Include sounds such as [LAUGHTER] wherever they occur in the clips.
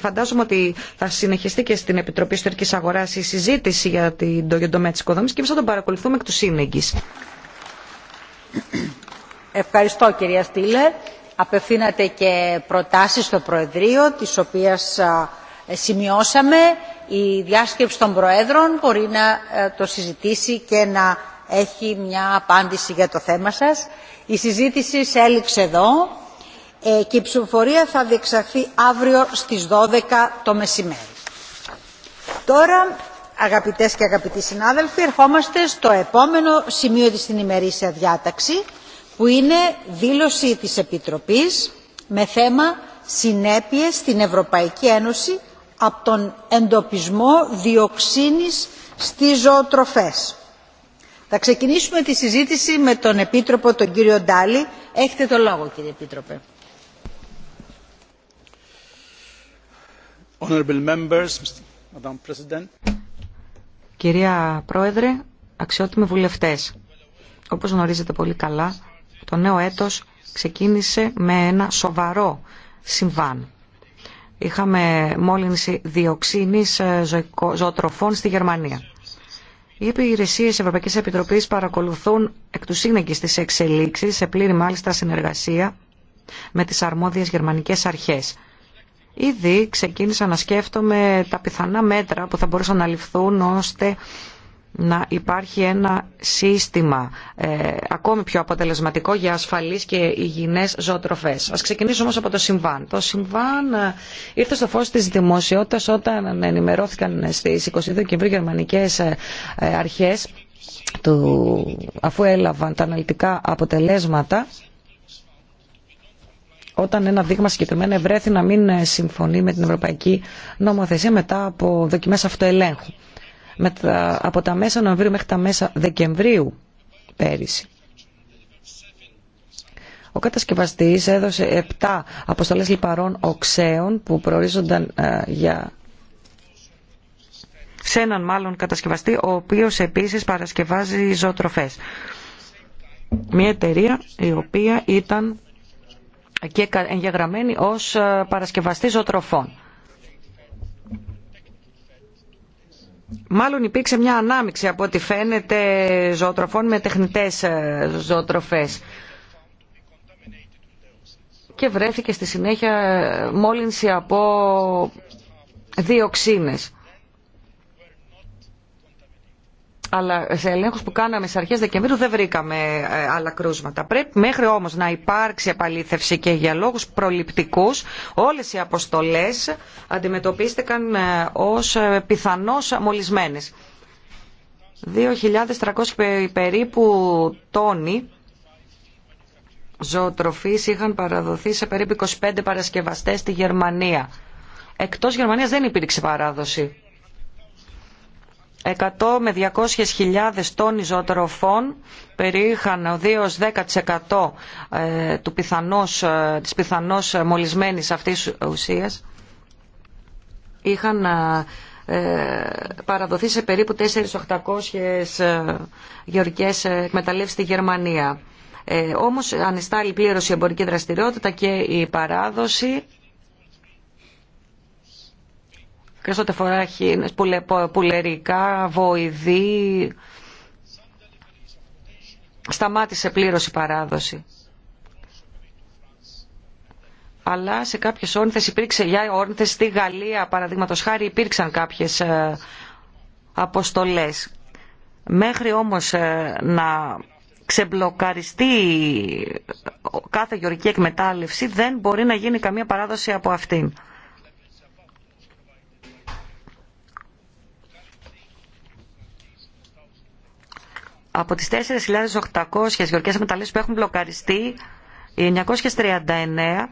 Φαντάζομαι ότι θα συνεχιστεί και στην Επιτροπή Ιστορική Αγορά η συζήτηση για την τομέα τη οικοδομή και εμεί θα τον παρακολουθούμε εκ του σύνεγγυ. Ευχαριστώ κυρία Στήλε. Απευθύνατε και προτάσεις στο Προεδρείο, τις οποίες σημειώσαμε. Η διάσκεψη των Προέδρων μπορεί να ε, το συζητήσει και να έχει μια απάντηση για το θέμα σας. Η συζήτηση έληξε εδώ. Ε, και η ψηφοφορία θα διεξαχθεί αύριο στις 12 το μεσημέρι. Τώρα, αγαπητές και αγαπητοί συνάδελφοι, ερχόμαστε στο επόμενο σημείο της στην ημερήσια διάταξη, που είναι δήλωση της Επιτροπής με θέμα «Συνέπειες στην Ευρωπαϊκή Ένωση από τον εντοπισμό διοξίνης στι ζωοτροφές». Θα ξεκινήσουμε τη συζήτηση με τον Επίτροπο, τον κύριο Ντάλη. Έχετε το λόγο, κύριε Επίτροπε. Κυρία Πρόεδρε, αξιότιμοι βουλευτές, όπως γνωρίζετε πολύ καλά, το νέο έτος ξεκίνησε με ένα σοβαρό συμβάν. Είχαμε μόλυνση διοξίνης ε, ζωοτροφών στη Γερμανία. Οι υπηρεσίες Ευρωπαϊκής Επιτροπής παρακολουθούν εκ του σύνεγγυς τις εξελίξεις, σε πλήρη μάλιστα συνεργασία με τις αρμόδιες γερμανικές αρχές. Ήδη ξεκίνησα να σκέφτομαι τα πιθανά μέτρα που θα μπορούσαν να ληφθούν ώστε να υπάρχει ένα σύστημα ε, ακόμη πιο αποτελεσματικό για ασφαλείς και υγιεινές ζωοτροφές. Ας ξεκινήσουμε όμως από το συμβάν. Το συμβάν ε, ήρθε στο φως της δημοσιότητας όταν ενημερώθηκαν ε, στις 22 Δεκεμβρίου γερμανικές αρχές του, αφού έλαβαν τα αναλυτικά αποτελέσματα όταν ένα δείγμα συγκεκριμένα βρέθη να μην ε, συμφωνεί με την Ευρωπαϊκή Νομοθεσία μετά από δοκιμές αυτοελέγχου. Μετα, από τα μέσα Νοεμβρίου μέχρι τα μέσα Δεκεμβρίου πέρυσι. Ο κατασκευαστής έδωσε 7 αποστολές λιπαρών οξέων που προορίζονταν ε, για σε έναν μάλλον κατασκευαστή, ο οποίος επίσης παρασκευάζει ζωοτροφές. Μια εταιρεία η οποία ήταν και εγγεγραμμένη ως ε, παρασκευαστή ζωοτροφών. Μάλλον υπήρξε μια ανάμιξη από ό,τι φαίνεται ζωοτροφών με τεχνητές ε, ζωοτροφές και βρέθηκε στη συνέχεια ε, μόλυνση από δύο ξύνες. αλλά σε ελέγχους που κάναμε σε αρχές Δεκεμβρίου δεν βρήκαμε ε, άλλα κρούσματα. Πρέπει μέχρι όμως να υπάρξει επαλήθευση και για λόγους προληπτικούς όλες οι αποστολές αντιμετωπίστηκαν ε, ως ε, πιθανώς μολυσμένες. 2.300 περίπου τόνοι ζωοτροφής είχαν παραδοθεί σε περίπου 25 παρασκευαστές στη Γερμανία. Εκτός Γερμανίας δεν υπήρξε παράδοση 100 με 200 χιλιάδες τόνοι ζωοτροφών περιείχαν ο 2-10% ε, του πιθανός, ε, της πιθανώς μολυσμένης αυτής ουσίας είχαν ε, παραδοθεί σε περίπου 4.800 γεωργικές εκμεταλλεύσεις στη Γερμανία. Ε, όμως ανιστάλλει πλήρως η εμπορική δραστηριότητα και η παράδοση και ό,τι πουλερικά, βοηδή. Σταμάτησε πλήρως η παράδοση. Αλλά σε κάποιες όρνηθες υπήρξε, για όρνηθες στη Γαλλία παραδείγματος χάρη υπήρξαν κάποιες ε, αποστολές. Μέχρι όμως ε, να ξεμπλοκαριστεί κάθε γεωργική εκμετάλλευση δεν μπορεί να γίνει καμία παράδοση από αυτήν. από τις 4.800 γεωργικές μεταλλές που έχουν μπλοκαριστεί, οι 939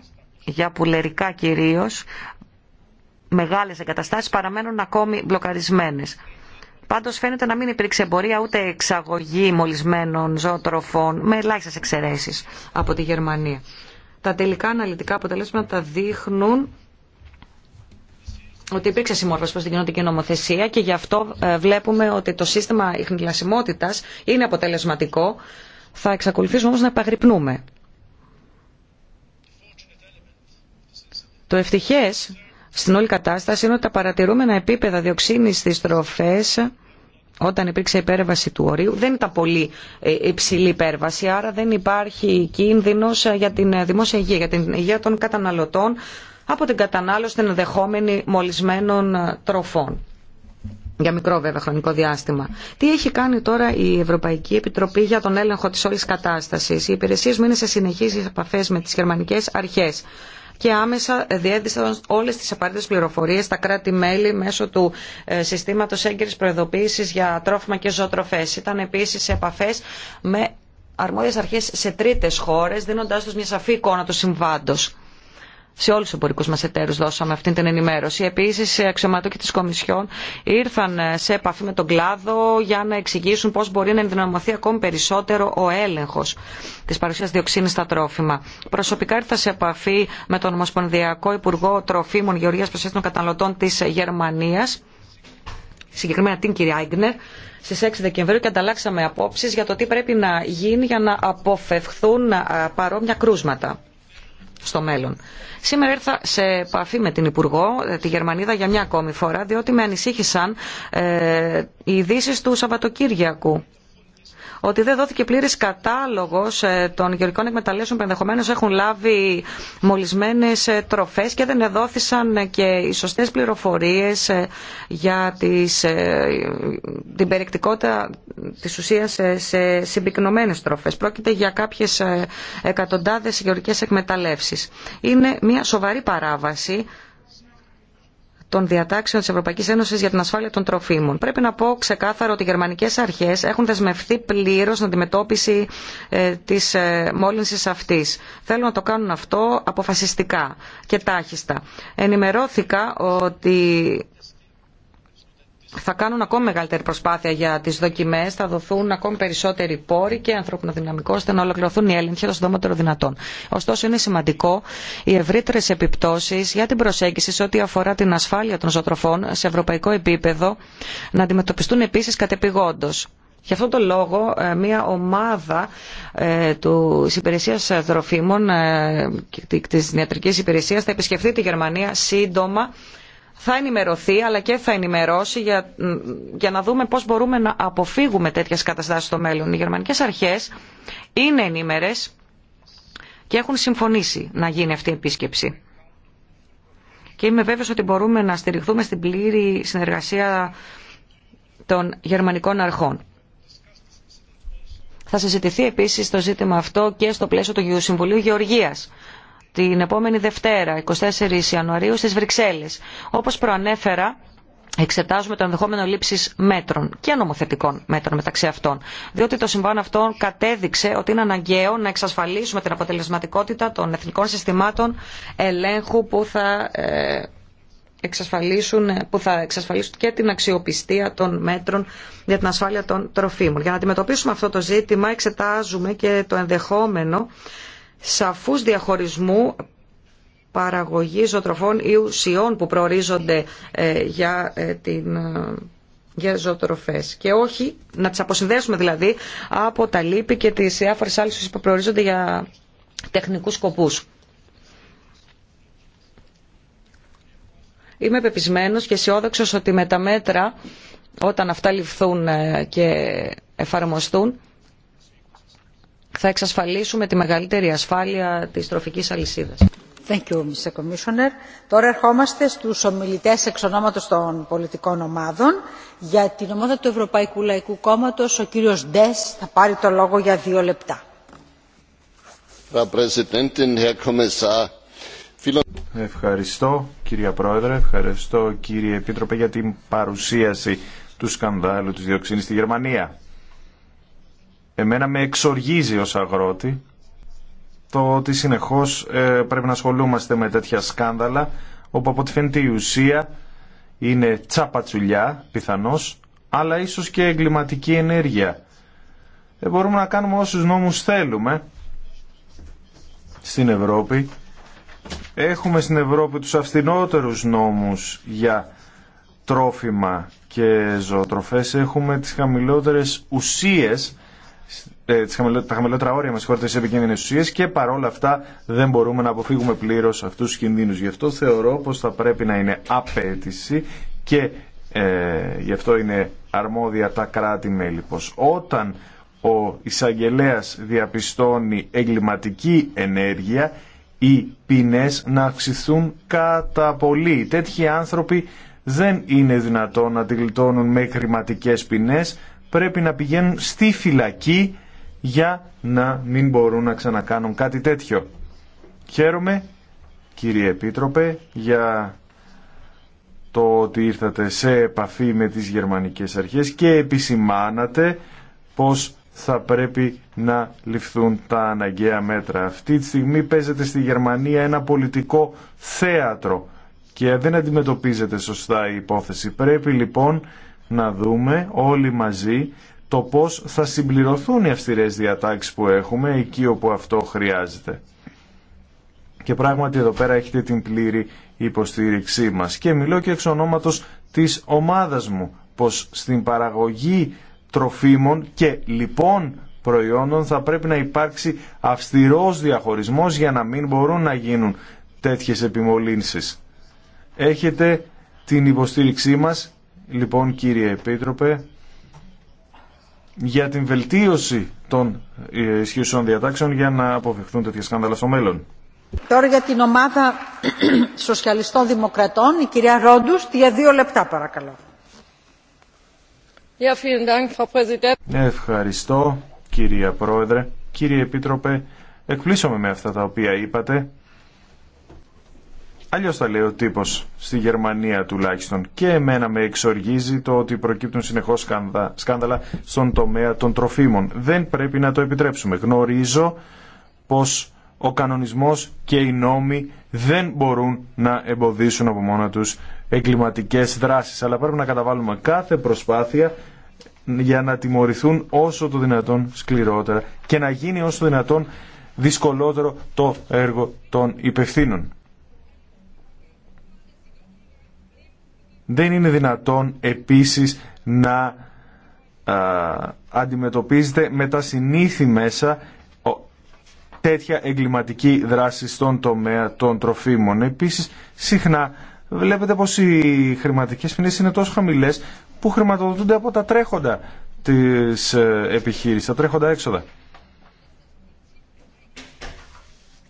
για πουλερικά κυρίως, μεγάλες εγκαταστάσεις παραμένουν ακόμη μπλοκαρισμένες. Πάντως φαίνεται να μην υπήρξε εμπορία ούτε εξαγωγή μολυσμένων ζωοτροφών, με ελάχιστες εξαιρέσεις από τη Γερμανία. Τα τελικά αναλυτικά αποτελέσματα δείχνουν ότι υπήρξε συμμόρφωση προ την κοινωτική νομοθεσία και γι' αυτό ε, βλέπουμε ότι το σύστημα ειχνηλασιμότητα είναι αποτελεσματικό. Θα εξακολουθήσουμε όμω να επαγρυπνούμε. Το ευτυχέ στην όλη κατάσταση είναι ότι τα παρατηρούμενα επίπεδα διοξίνη στι τροφέ όταν υπήρξε υπέρβαση του ορίου δεν ήταν πολύ ε, υψηλή υπέρβαση, άρα δεν υπάρχει κίνδυνο ε, για την δημόσια υγεία, για την υγεία των καταναλωτών από την κατανάλωση των ενδεχόμενη μολυσμένων ε, τροφών. Για μικρό βέβαια χρονικό διάστημα. Τι έχει κάνει τώρα η Ευρωπαϊκή Επιτροπή για τον έλεγχο τη όλη κατάσταση. Οι υπηρεσίε μου είναι σε συνεχεί επαφέ με τι γερμανικέ αρχέ και άμεσα διέδισαν όλες τις απαραίτητες πληροφορίες στα κράτη-μέλη μέσω του ε, συστήματος έγκαιρης προειδοποίησης για τρόφιμα και ζωοτροφές. Ήταν επίσης επαφές με αρμόδιες αρχές σε τρίτε χώρες, δίνοντα τους μια σαφή εικόνα του συμβάντος σε όλους τους εμπορικούς μας εταίρους δώσαμε αυτή την ενημέρωση. Επίσης, οι αξιωματούχοι της Κομισιόν ήρθαν σε επαφή με τον κλάδο για να εξηγήσουν πώς μπορεί να ενδυναμωθεί ακόμη περισσότερο ο έλεγχος της παρουσίας διοξίνης στα τρόφιμα. Προσωπικά ήρθα σε επαφή με τον Ομοσπονδιακό Υπουργό Τροφίμων Γεωργίας Προσέσεις των Καταναλωτών της Γερμανίας, συγκεκριμένα την κυρία Άιγκνερ, στι 6 Δεκεμβρίου και ανταλλάξαμε απόψει για το τι πρέπει να γίνει για να αποφευχθούν παρόμοια κρούσματα στο μέλλον. Σήμερα ήρθα σε επαφή με την Υπουργό, ε, τη Γερμανίδα, για μια ακόμη φορά, διότι με ανησύχησαν ε, οι ειδήσει του Σαββατοκύριακου ότι δεν δόθηκε πλήρης κατάλογος ε, των γεωργικών εκμεταλλεύσεων που ενδεχομένω έχουν λάβει μολυσμένες ε, τροφές και δεν εδόθησαν ε, και οι σωστές πληροφορίες για την περιεκτικότητα της ουσίας σε συμπυκνωμένες τροφές. Πρόκειται για κάποιες εκατοντάδες γεωργικές εκμεταλλεύσεις. Είναι μια σοβαρή παράβαση των διατάξεων τη Ευρωπαϊκή Ένωση για την ασφάλεια των τροφίμων. Πρέπει να πω ξεκάθαρο ότι οι γερμανικέ αρχέ έχουν δεσμευθεί πλήρω στην αντιμετώπιση ε, τη ε, μόλυνση αυτή. Θέλουν να το κάνουν αυτό αποφασιστικά και τάχιστα. Ενημερώθηκα ότι θα κάνουν ακόμη μεγαλύτερη προσπάθεια για τι δοκιμέ, θα δοθούν ακόμη περισσότεροι πόροι και ανθρώπινο δυναμικό ώστε να ολοκληρωθούν οι έλεγχοι των συντομότερο δυνατόν. Ωστόσο είναι σημαντικό οι ευρύτερε επιπτώσει για την προσέγγιση σε ό,τι αφορά την ασφάλεια των ζωοτροφών σε ευρωπαϊκό επίπεδο να αντιμετωπιστούν επίση κατεπηγόντω. Γι' αυτόν τον λόγο ε, μια ομάδα ε, του υπηρεσία τροφίμων ε, της ιατρικής υπηρεσίας θα επισκεφθεί τη Γερμανία σύντομα θα ενημερωθεί αλλά και θα ενημερώσει για, για να δούμε πώς μπορούμε να αποφύγουμε τέτοιες καταστάσεις στο μέλλον. Οι γερμανικές αρχές είναι ενήμερες και έχουν συμφωνήσει να γίνει αυτή η επίσκεψη. Και είμαι βέβαιος ότι μπορούμε να στηριχθούμε στην πλήρη συνεργασία των γερμανικών αρχών. Θα συζητηθεί επίσης το ζήτημα αυτό και στο πλαίσιο του Συμβουλίου Γεωργίας την επόμενη Δευτέρα, 24 Ιανουαρίου, στις Βρυξέλλες. Όπως προανέφερα, εξετάζουμε το ενδεχόμενο λήψη μέτρων και νομοθετικών μέτρων μεταξύ αυτών. Διότι το συμβάν αυτό κατέδειξε ότι είναι αναγκαίο να εξασφαλίσουμε την αποτελεσματικότητα των εθνικών συστημάτων ελέγχου που θα ε, εξασφαλίσουν, που θα εξασφαλίσουν και την αξιοπιστία των μέτρων για την ασφάλεια των τροφίμων. Για να αντιμετωπίσουμε αυτό το ζήτημα εξετάζουμε και το ενδεχόμενο σαφούς διαχωρισμού παραγωγή ζωοτροφών ή ουσιών που προορίζονται ε, για, ε, την, ε, για ζωοτροφές και όχι να τις αποσυνδέσουμε δηλαδή από τα λύπη και τις διάφορες άλλες που προορίζονται για τεχνικούς σκοπούς. Είμαι πεπισμένος και αισιόδοξο ότι με τα μέτρα όταν αυτά ληφθούν και εφαρμοστούν θα εξασφαλίσουμε τη μεγαλύτερη ασφάλεια της τροφικής αλυσίδας. Thank you, Mr. Commissioner. Τώρα ερχόμαστε στους ομιλητές εξ ονόματος των πολιτικών ομάδων. Για την ομάδα του Ευρωπαϊκού Λαϊκού Κόμματος, ο κύριος Ντες θα πάρει το λόγο για δύο λεπτά. Ευχαριστώ κυρία Πρόεδρε, ευχαριστώ κύριε Επίτροπε για την παρουσίαση του σκανδάλου της διοξίνης στη Γερμανία. Εμένα με εξοργίζει ως αγρότη το ότι συνεχώς ε, πρέπει να ασχολούμαστε με τέτοια σκάνδαλα όπου από τη φαίνεται η ουσία είναι τσαπατσουλιά πιθανώς αλλά ίσως και εγκληματική ενέργεια. Δεν μπορούμε να κάνουμε όσους νόμους θέλουμε στην Ευρώπη. Έχουμε στην Ευρώπη τους αυστηνότερους νόμους για τρόφιμα και ζωοτροφές. Έχουμε τις χαμηλότερες ουσίες ε, τα χαμηλότερα όρια με συγχωρείτε σε επικίνδυνε ουσίε και παρόλα αυτά δεν μπορούμε να αποφύγουμε πλήρω αυτού του κινδύνου. Γι' αυτό θεωρώ πω θα πρέπει να είναι απέτηση και ε, γι' αυτό είναι αρμόδια τα κράτη-μέλη. Πως όταν ο εισαγγελέα διαπιστώνει εγκληματική ενέργεια, οι ποινές να αυξηθούν κατά πολύ. Τέτοιοι άνθρωποι δεν είναι δυνατόν να τη γλιτώνουν με χρηματικές ποινές, πρέπει να πηγαίνουν στη φυλακή για να μην μπορούν να ξανακάνουν κάτι τέτοιο. Χαίρομαι, κύριε Επίτροπε, για το ότι ήρθατε σε επαφή με τις γερμανικές αρχές και επισημάνατε πως θα πρέπει να ληφθούν τα αναγκαία μέτρα. Αυτή τη στιγμή παίζεται στη Γερμανία ένα πολιτικό θέατρο και δεν αντιμετωπίζεται σωστά η υπόθεση. Πρέπει λοιπόν να δούμε όλοι μαζί το πώς θα συμπληρωθούν οι αυστηρές διατάξεις που έχουμε εκεί όπου αυτό χρειάζεται. Και πράγματι εδώ πέρα έχετε την πλήρη υποστήριξή μας. Και μιλώ και εξ ονόματος της ομάδας μου, πως στην παραγωγή τροφίμων και λοιπόν προϊόντων θα πρέπει να υπάρξει αυστηρός διαχωρισμός για να μην μπορούν να γίνουν τέτοιες επιμολύνσεις. Έχετε την υποστήριξή μας, λοιπόν κύριε Επίτροπε, για την βελτίωση των ε, ισχυουσών διατάξεων για να αποφευχθούν τέτοια σκάνδαλα στο μέλλον. Τώρα για την ομάδα [CLEARS THROAT] Σοσιαλιστών Δημοκρατών, η κυρία Ρόντους, για δύο λεπτά παρακαλώ. Ευχαριστώ κυρία Πρόεδρε, κύριε Επίτροπε, εκπλήσω με αυτά τα οποία είπατε. Αλλιώς θα λέει ο τύπος, στη Γερμανία τουλάχιστον. Και εμένα με εξοργίζει το ότι προκύπτουν συνεχώς σκάνδαλα στον τομέα των τροφίμων. Δεν πρέπει να το επιτρέψουμε. Γνωρίζω πως ο κανονισμός και οι νόμοι δεν μπορούν να εμποδίσουν από μόνα τους εγκληματικές δράσεις. Αλλά πρέπει να καταβάλουμε κάθε προσπάθεια για να τιμωρηθούν όσο το δυνατόν σκληρότερα και να γίνει όσο το δυνατόν δυσκολότερο το έργο των υπευθύνων. Δεν είναι δυνατόν επίσης να αντιμετωπίζεται με τα συνήθη μέσα τέτοια εγκληματική δράση στον τομέα των τροφίμων. Επίσης, συχνά βλέπετε πως οι χρηματικές ποινές είναι τόσο χαμηλές που χρηματοδοτούνται από τα τρέχοντα της ε, επιχείρησης, τα τρέχοντα έξοδα.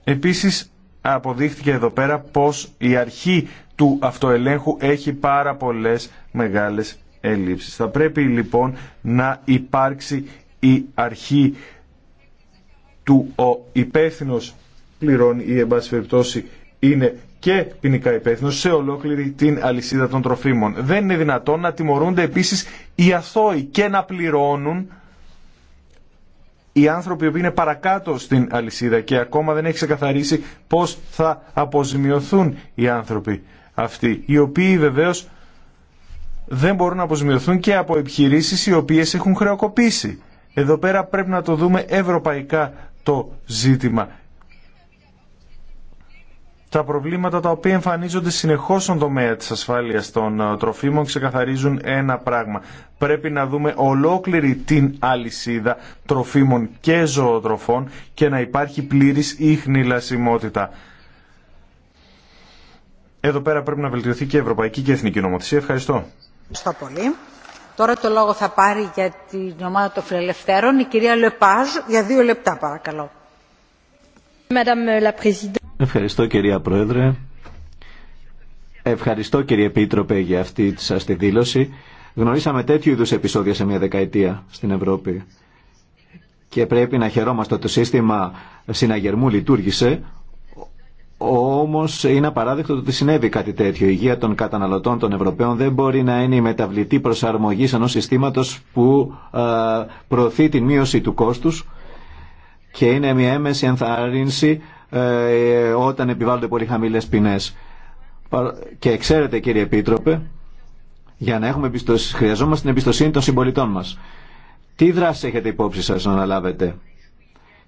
Επίσης, αποδείχθηκε εδώ πέρα πως η αρχή του αυτοελέγχου έχει πάρα πολλές μεγάλες ελλείψεις. Θα πρέπει λοιπόν να υπάρξει η αρχή του ο υπεύθυνο πληρώνει ή εν πάση περιπτώσει είναι και ποινικά υπεύθυνο σε ολόκληρη την αλυσίδα των τροφίμων. Δεν είναι δυνατόν να τιμωρούνται επίσης οι αθώοι και να πληρώνουν οι άνθρωποι που είναι παρακάτω στην αλυσίδα και ακόμα δεν έχει ξεκαθαρίσει πώς θα αποζημιωθούν οι άνθρωποι αυτοί, οι οποίοι βεβαίως δεν μπορούν να αποζημιωθούν και από επιχειρήσεις οι οποίες έχουν χρεοκοπήσει. Εδώ πέρα πρέπει να το δούμε ευρωπαϊκά το ζήτημα τα προβλήματα τα οποία εμφανίζονται συνεχώς στον τομέα της ασφάλειας των ε, τροφίμων ξεκαθαρίζουν ένα πράγμα. Πρέπει να δούμε ολόκληρη την αλυσίδα τροφίμων και ζωοτροφών και να υπάρχει πλήρης ίχνη λασιμότητα. Εδώ πέρα πρέπει να βελτιωθεί και η ευρωπαϊκή και εθνική νομοθεσία. Ευχαριστώ. Ευχαριστώ πολύ. Τώρα το λόγο θα πάρει για την ομάδα των φιλελευθέρων η κυρία Λεπάζ για δύο λεπτά παρακαλώ. Madame la Ευχαριστώ κυρία Πρόεδρε. Ευχαριστώ κύριε Επίτροπε για αυτή σας τη δήλωση. Γνωρίσαμε τέτοιου είδους επεισόδια σε μια δεκαετία στην Ευρώπη και πρέπει να χαιρόμαστε ότι το σύστημα συναγερμού λειτουργήσε όμως είναι απαράδεκτο ότι συνέβη κάτι τέτοιο. Η υγεία των καταναλωτών των Ευρωπαίων δεν μπορεί να είναι η μεταβλητή προσαρμογή ενός συστήματος που ε, προωθεί την μείωση του κόστους και είναι μια έμεση ενθαρρύνση ε, όταν επιβάλλονται πολύ χαμηλές ποινές. Και ξέρετε κύριε Επίτροπε, για να έχουμε εμπιστοσύνη, χρειαζόμαστε την εμπιστοσύνη των συμπολιτών μας. Τι δράση έχετε υπόψη σας να αναλάβετε.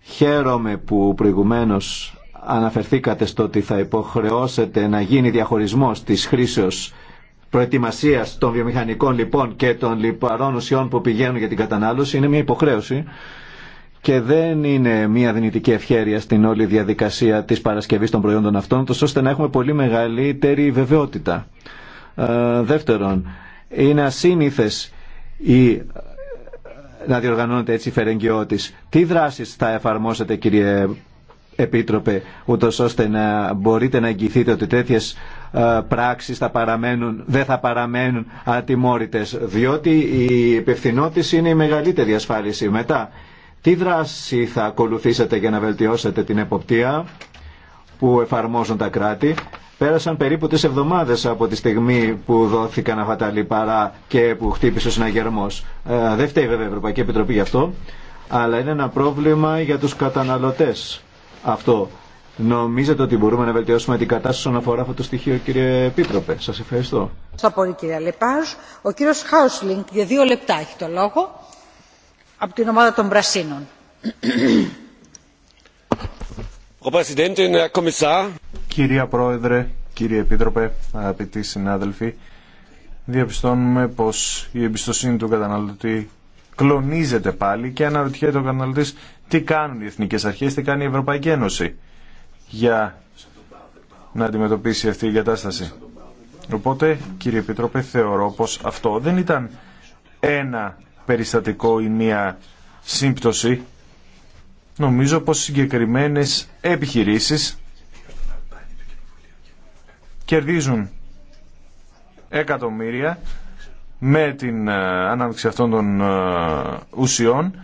Χαίρομαι που προηγουμένως αναφερθήκατε στο ότι θα υποχρεώσετε να γίνει διαχωρισμός της χρήσεως προετοιμασίας των βιομηχανικών λοιπόν και των λιπαρών ουσιών που πηγαίνουν για την κατανάλωση. Είναι μια υποχρέωση και δεν είναι μια δυνητική ευχέρεια στην όλη διαδικασία της παρασκευής των προϊόντων αυτών, τόσο ώστε να έχουμε πολύ μεγαλύτερη βεβαιότητα. Ε, δεύτερον, είναι ασύνηθες η να διοργανώνεται έτσι η φερεγγιώτης. Τι δράσεις θα εφαρμόσετε κύριε Επίτροπε, ούτω ώστε να μπορείτε να εγγυηθείτε ότι τέτοιες ε, πράξεις θα παραμένουν, δεν θα παραμένουν ατιμόρυτες, διότι η υπευθυνότηση είναι η μεγαλύτερη ασφάλιση. Μετά, τι δράση θα ακολουθήσετε για να βελτιώσετε την εποπτεία που εφαρμόζουν τα κράτη. Πέρασαν περίπου τις εβδομάδες από τη στιγμή που δόθηκαν αυτά τα λιπαρά και που χτύπησε ο συναγερμό. Ε, δεν φταίει βέβαια η Ευρωπαϊκή Επιτροπή γι' αυτό, αλλά είναι ένα πρόβλημα για τους καταναλωτές αυτό. Νομίζετε ότι μπορούμε να βελτιώσουμε την κατάσταση όσον αφορά αυτό το στοιχείο, κύριε Επίτροπε. Σα ευχαριστώ. Σας πολύ, κύριε Λεπάζ. Ο κύριο Χάουσλινγκ για δύο λεπτά έχει το λόγο την ομάδα Κυρία Πρόεδρε, κύριε Επίτροπε, αγαπητοί συνάδελφοι, διαπιστώνουμε πως η εμπιστοσύνη του καταναλωτή κλονίζεται πάλι και αναρωτιέται ο καταναλωτής τι κάνουν οι εθνικές αρχές, τι κάνει η Ευρωπαϊκή Ένωση για να αντιμετωπίσει αυτή η κατάσταση. Οπότε, κύριε Επίτροπε, θεωρώ πως αυτό δεν ήταν ένα περιστατικό ή μία σύμπτωση, νομίζω πως συγκεκριμένες επιχειρήσεις κερδίζουν εκατομμύρια με την ε, ανάπτυξη αυτών των ε, ουσιών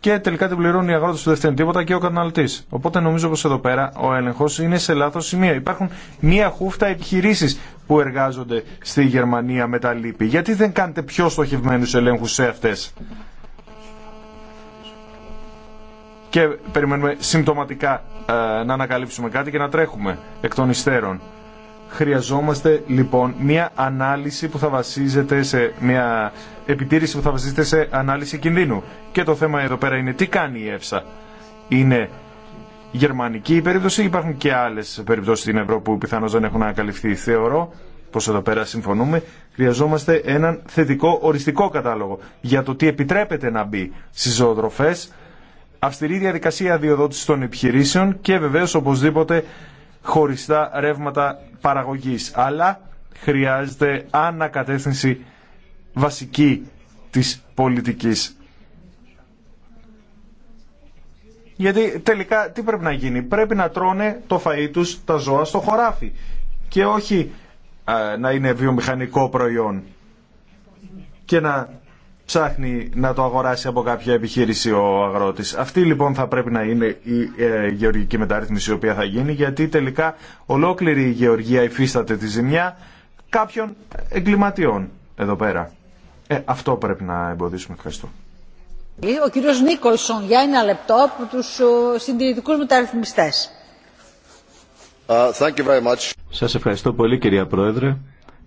και τελικά την πληρώνει η αγρότη του δεν τίποτα και ο καταναλωτή. Οπότε νομίζω πω εδώ πέρα ο έλεγχο είναι σε λάθο σημείο. Υπάρχουν μία χούφτα επιχειρήσει που εργάζονται στη Γερμανία με τα λύπη. Γιατί δεν κάνετε πιο στοχευμένου ελέγχου σε αυτέ. Και περιμένουμε συμπτωματικά ε, να ανακαλύψουμε κάτι και να τρέχουμε εκ των υστέρων. Χρειαζόμαστε λοιπόν μια ανάλυση που θα βασίζεται σε μια επιτήρηση που θα βασίζεται σε ανάλυση κινδύνου. Και το θέμα εδώ πέρα είναι τι κάνει η ΕΦΣΑ. Είναι γερμανική η περίπτωση ή υπάρχουν και άλλε περιπτώσει στην Ευρώπη που πιθανώ δεν έχουν ανακαλυφθεί. Θεωρώ πω εδώ πέρα συμφωνούμε, χρειαζόμαστε έναν θετικό οριστικό κατάλογο για το τι επιτρέπεται να μπει στι ζωοτροφέ. αυστηρή διαδικασία διοδότηση των επιχειρήσεων και βεβαίω οπωσδήποτε χωριστά ρεύματα παραγωγής. Αλλά χρειάζεται ανακατεύθυνση βασική της πολιτικής. Γιατί τελικά τι πρέπει να γίνει. Πρέπει να τρώνε το φαΐ τους τα ζώα στο χωράφι και όχι να είναι βιομηχανικό προϊόν και να ψάχνει να το αγοράσει από κάποια επιχείρηση ο αγρότης. Αυτή λοιπόν θα πρέπει να είναι η ε, γεωργική μεταρρύθμιση η οποία θα γίνει γιατί τελικά ολόκληρη η γεωργία υφίσταται τη ζημιά κάποιων εγκληματιών εδώ πέρα. Ε, αυτό πρέπει να εμποδίσουμε. Ευχαριστώ. Ο κύριος Νίκολσον για ένα λεπτό από τους συντηρητικούς μεταρρυθμιστές. Uh, thank you very much. Σας ευχαριστώ πολύ κυρία Πρόεδρε.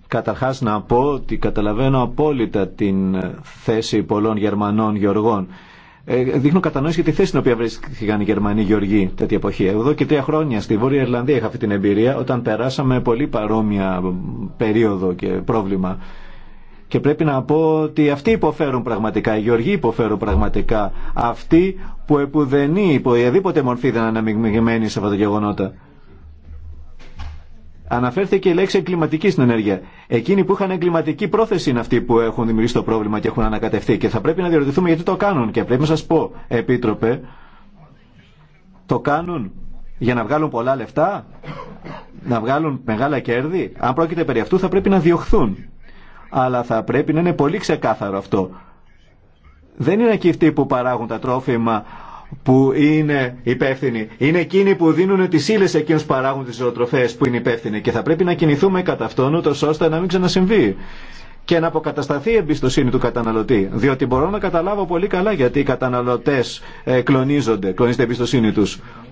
Καταρχάς να πω ότι καταλαβαίνω απόλυτα την θέση πολλών Γερμανών γεωργών. Ε, δείχνω κατανόηση για τη θέση στην οποία βρίσκηκαν οι Γερμανοί γεωργοί τέτοια εποχή. Εδώ και τρία χρόνια στη Βόρεια Ιρλανδία είχα αυτή την εμπειρία όταν περάσαμε πολύ παρόμοια περίοδο και πρόβλημα. Και πρέπει να πω ότι αυτοί υποφέρουν πραγματικά, οι γεωργοί υποφέρουν πραγματικά. Αυτοί που επουδενή, υπό οποιαδήποτε μορφή δεν αναμειγμένοι σε αυτά τα γεγονότα. Αναφέρθηκε η λέξη εγκληματική στην ενέργεια. Εκείνοι που είχαν εγκληματική πρόθεση είναι αυτοί που έχουν δημιουργήσει το πρόβλημα και έχουν ανακατευθεί. Και θα πρέπει να διαρωτηθούμε γιατί το κάνουν. Και πρέπει να σα πω, Επίτροπε, το κάνουν για να βγάλουν πολλά λεφτά, να βγάλουν μεγάλα κέρδη. Αν πρόκειται περί αυτού, θα πρέπει να διωχθούν. Αλλά θα πρέπει να είναι πολύ ξεκάθαρο αυτό. Δεν είναι εκεί αυτοί που παράγουν τα τρόφιμα που είναι υπεύθυνοι. Είναι εκείνοι που δίνουν τι ύλε εκείνου που παράγουν τι ζωοτροφέ που είναι υπεύθυνοι. Και θα πρέπει να κινηθούμε κατά αυτόν, ούτω ώστε να μην ξανασυμβεί και να αποκατασταθεί η εμπιστοσύνη του καταναλωτή. Διότι μπορώ να καταλάβω πολύ καλά γιατί οι καταναλωτέ ε, κλονίζονται, κλονίζεται η εμπιστοσύνη του.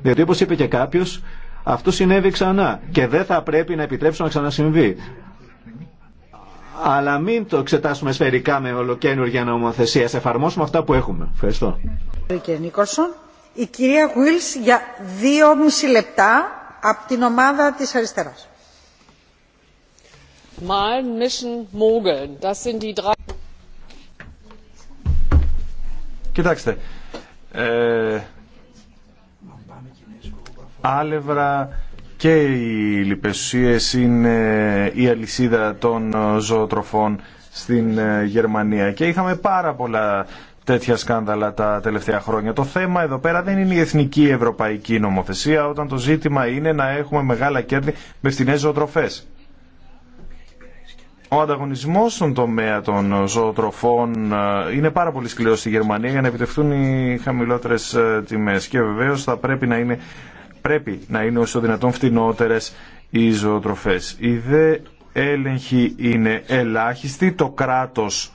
Διότι όπω είπε και κάποιο, αυτό συνέβη ξανά και δεν θα πρέπει να επιτρέψουμε να ξανασυμβεί αλλά μην το εξετάσουμε σφαιρικά με ολοκένουργια νομοθεσία. Σε εφαρμόσουμε αυτά που έχουμε. Ευχαριστώ. Η κυρία Γουίλς για δύο μισή λεπτά από την ομάδα της αριστεράς. Das sind die drei... Κοιτάξτε, ε, άλευρα, και οι λιπεσουσίες είναι η αλυσίδα των ζωοτροφών στην ε, Γερμανία και είχαμε πάρα πολλά τέτοια σκάνδαλα τα τελευταία χρόνια. Το θέμα εδώ πέρα δεν είναι η εθνική ευρωπαϊκή νομοθεσία όταν το ζήτημα είναι να έχουμε μεγάλα κέρδη με φθηνές ζωοτροφές. Ο ανταγωνισμό στον τομέα των ζωοτροφών ε, είναι πάρα πολύ σκληρό στη Γερμανία για να επιτευχθούν οι χαμηλότερε ε, τιμέ και βεβαίω θα πρέπει να είναι πρέπει να είναι όσο δυνατόν φτηνότερες οι ζωοτροφέ. Η δε έλεγχη είναι ελάχιστη. το κράτος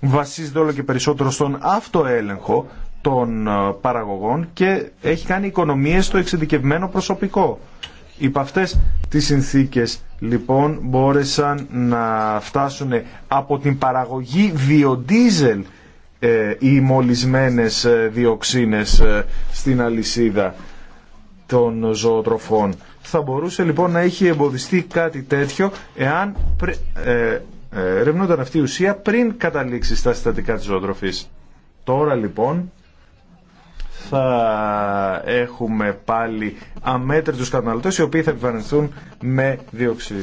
βασίζεται όλο και περισσότερο στον αυτοέλεγχο των ε, παραγωγών και έχει κάνει οικονομίες στο εξειδικευμένο προσωπικό. Υπ' αυτές τις συνθήκες λοιπόν μπόρεσαν να φτάσουν από την παραγωγή βιοντίζελ ε, οι μολυσμένες ε, διοξίνες στην αλυσίδα των ζωοτροφών. Θα μπορούσε λοιπόν να έχει εμποδιστεί κάτι τέτοιο εάν ρεύνοταν ε, ε, αυτή η ουσία πριν καταλήξει στα συστατικά της ζωοτροφής. Τώρα λοιπόν θα έχουμε πάλι αμέτρητους καταναλωτές οι οποίοι θα επιβαρυνθούν με διοξύνη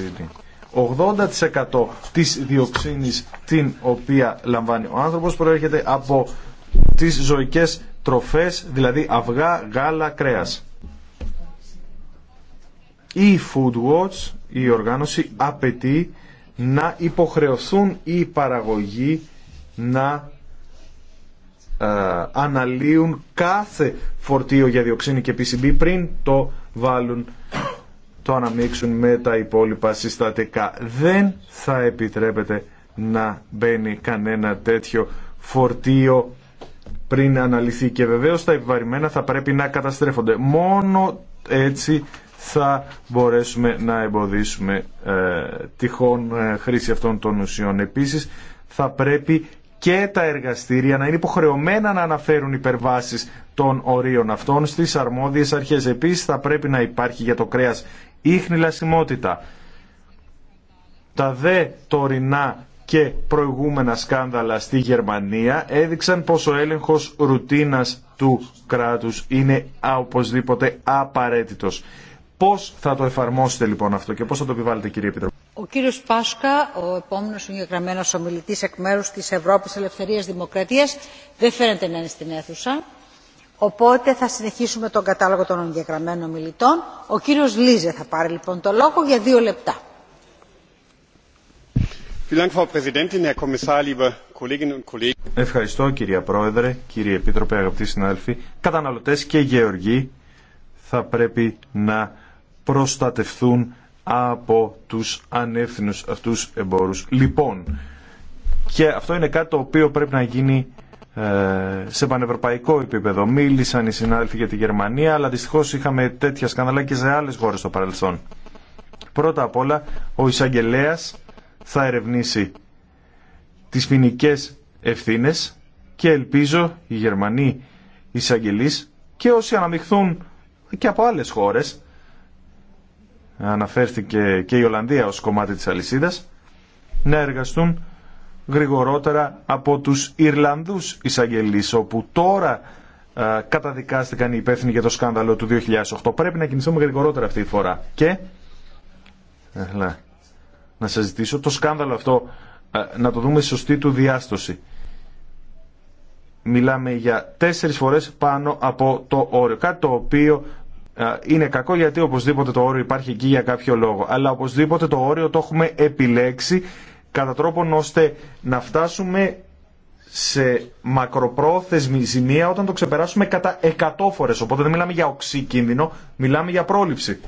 80% της διοξίνης την οποία λαμβάνει ο άνθρωπος προέρχεται από τις ζωικές τροφές, δηλαδή αυγά, γάλα, κρέας. Η Food Watch, η οργάνωση, απαιτεί να υποχρεωθούν οι παραγωγοί να ε, αναλύουν κάθε φορτίο για διοξίνη και PCB πριν το βάλουν, το αναμίξουν με τα υπόλοιπα συστατικά. Δεν θα επιτρέπεται να μπαίνει κανένα τέτοιο φορτίο πριν αναλυθεί και βεβαίως τα επιβαρημένα θα πρέπει να καταστρέφονται. Μόνο έτσι θα μπορέσουμε να εμποδίσουμε ε, τυχόν ε, χρήση αυτών των ουσιών. Επίσης θα πρέπει και τα εργαστήρια να είναι υποχρεωμένα να αναφέρουν υπερβάσεις των ορίων αυτών στις αρμόδιες αρχές. Επίσης θα πρέπει να υπάρχει για το κρέας ίχνη λασιμότητα. Τα δε τωρινά και προηγούμενα σκάνδαλα στη Γερμανία έδειξαν πως ο έλεγχος ρουτίνας του κράτους είναι οπωσδήποτε απαραίτητος. Πώ θα το εφαρμόσετε λοιπόν αυτό και πώ θα το επιβάλλετε κύριε Επιτροπή. Ο κύριο Πάσκα, ο επόμενο εγγεγραμμένο ομιλητή εκ μέρου τη Ευρώπη Ελευθερία Δημοκρατία, δεν φαίνεται να είναι στην αίθουσα. Οπότε θα συνεχίσουμε τον κατάλογο των εγγεγραμμένων ομιλητών. Ο κύριο Λίζε θα πάρει λοιπόν το λόγο για δύο λεπτά. Ευχαριστώ κυρία Πρόεδρε, κύριε Επίτροπε, αγαπητοί συνάδελφοι, καταναλωτέ και γεωργοί θα πρέπει να προστατευθούν από τους ανεύθυνους αυτούς εμπόρους. Λοιπόν, και αυτό είναι κάτι το οποίο πρέπει να γίνει ε, σε πανευρωπαϊκό επίπεδο. Μίλησαν οι συνάδελφοι για τη Γερμανία, αλλά δυστυχώ είχαμε τέτοια σκανδαλά και σε άλλε χώρε στο παρελθόν. Πρώτα απ' όλα, ο εισαγγελέα θα ερευνήσει τι ποινικέ ευθύνε και ελπίζω οι Γερμανοί εισαγγελεί και όσοι αναμειχθούν και από άλλε χώρε αναφέρθηκε και η Ολλανδία ως κομμάτι της αλυσίδας, να εργαστούν γρηγορότερα από τους Ιρλανδούς εισαγγελείς, όπου τώρα καταδικάστηκαν οι υπεύθυνοι για το σκάνδαλο του 2008. Πρέπει να κινηθούμε γρηγορότερα αυτή τη φορά. Και να σας ζητήσω το σκάνδαλο αυτό να το δούμε σωστή του διάστοση. Μιλάμε για τέσσερις φορές πάνω από το όριο, κάτι το οποίο είναι κακό γιατί οπωσδήποτε το όριο υπάρχει εκεί για κάποιο λόγο. Αλλά οπωσδήποτε το όριο το έχουμε επιλέξει κατά τρόπον ώστε να φτάσουμε σε μακροπρόθεσμη ζημία όταν το ξεπεράσουμε κατά 100 φορές. Οπότε δεν μιλάμε για οξύ κίνδυνο, μιλάμε για πρόληψη.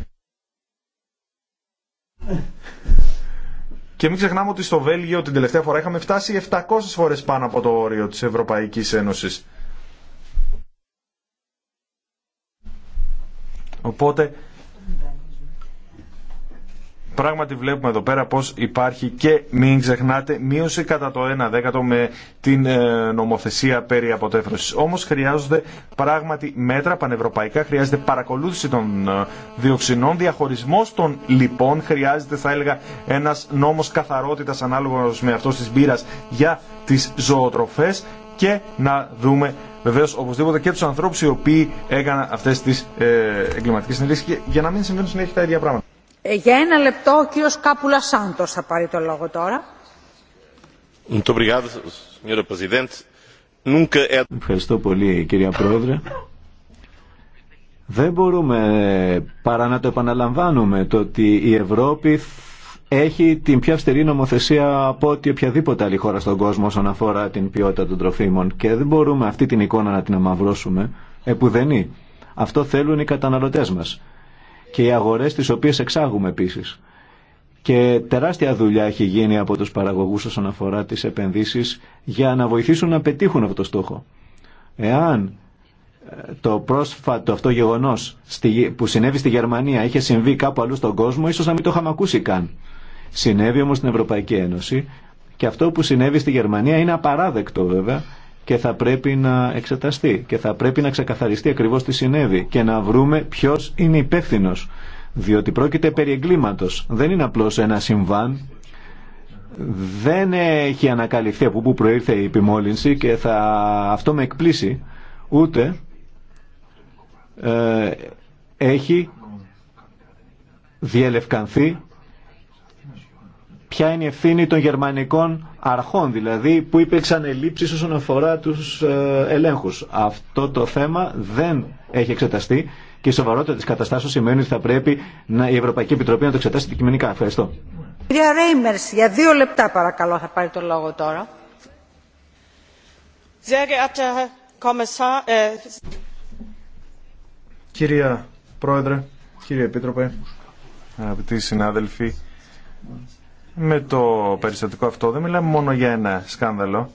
Και μην ξεχνάμε ότι στο Βέλγιο την τελευταία φορά είχαμε φτάσει 700 φορές πάνω από το όριο της Ευρωπαϊκής Ένωσης. Οπότε πράγματι βλέπουμε εδώ πέρα πως υπάρχει και μην ξεχνάτε μείωση κατά το 1 δέκατο με την ε, νομοθεσία περί αποτέφρωσης. Όμως χρειάζονται πράγματι μέτρα πανευρωπαϊκά, χρειάζεται παρακολούθηση των ε, διοξινών, διαχωρισμός των λοιπόν, χρειάζεται θα έλεγα ένας νόμος καθαρότητας ανάλογος με αυτό της μπύρας για τις ζωοτροφές και να δούμε βεβαίω οπωσδήποτε και του ανθρώπου οι οποίοι έκαναν αυτέ τι ε, εγκληματικέ συνελήψει για να μην συμβαίνουν συνέχεια τα ίδια πράγματα. Ε, για ένα λεπτό ο κύριο Κάπουλα Σάντο θα πάρει το λόγο τώρα. Ευχαριστώ πολύ κυρία Πρόεδρε. Δεν μπορούμε παρά να το επαναλαμβάνουμε το ότι η Ευρώπη έχει την πιο αυστηρή νομοθεσία από ότι οποιαδήποτε άλλη χώρα στον κόσμο όσον αφορά την ποιότητα των τροφίμων και δεν μπορούμε αυτή την εικόνα να την αμαυρώσουμε επουδενή. Αυτό θέλουν οι καταναλωτές μας και οι αγορές τις οποίες εξάγουμε επίσης. Και τεράστια δουλειά έχει γίνει από τους παραγωγούς όσον αφορά τις επενδύσεις για να βοηθήσουν να πετύχουν αυτό το στόχο. Εάν ε, το πρόσφατο αυτό γεγονός που συνέβη στη Γερμανία είχε συμβεί κάπου αλλού στον κόσμο, ίσως να μην το είχαμε ακούσει καν. Συνέβη όμως στην Ευρωπαϊκή Ένωση και αυτό που συνέβη στη Γερμανία είναι απαράδεκτο βέβαια και θα πρέπει να εξεταστεί και θα πρέπει να ξεκαθαριστεί ακριβώς τι συνέβη και να βρούμε ποιος είναι υπεύθυνο. διότι πρόκειται περί εγκλήματος. Δεν είναι απλώς ένα συμβάν δεν έχει ανακαλυφθεί από πού προήρθε η επιμόλυνση και θα αυτό με εκπλήσει ούτε ε, έχει διελευκανθεί ποια είναι η ευθύνη των γερμανικών αρχών, δηλαδή που υπήρξαν ελλείψεις όσον αφορά τους ε, ελέγχους. Αυτό το θέμα δεν έχει εξεταστεί και η σοβαρότητα της καταστάσεως σημαίνει ότι θα πρέπει να, η Ευρωπαϊκή Επιτροπή να το εξετάσει αντικειμενικά. Ευχαριστώ. Κυρία Ρέιμερς, για δύο λεπτά παρακαλώ θα πάρει το λόγο τώρα. Ε, Κυρία Πρόεδρε, κύριε Επίτροπε, αγαπητοί συνάδελφοι, με το περιστατικό αυτό δεν μιλάμε μόνο για ένα σκάνδαλο.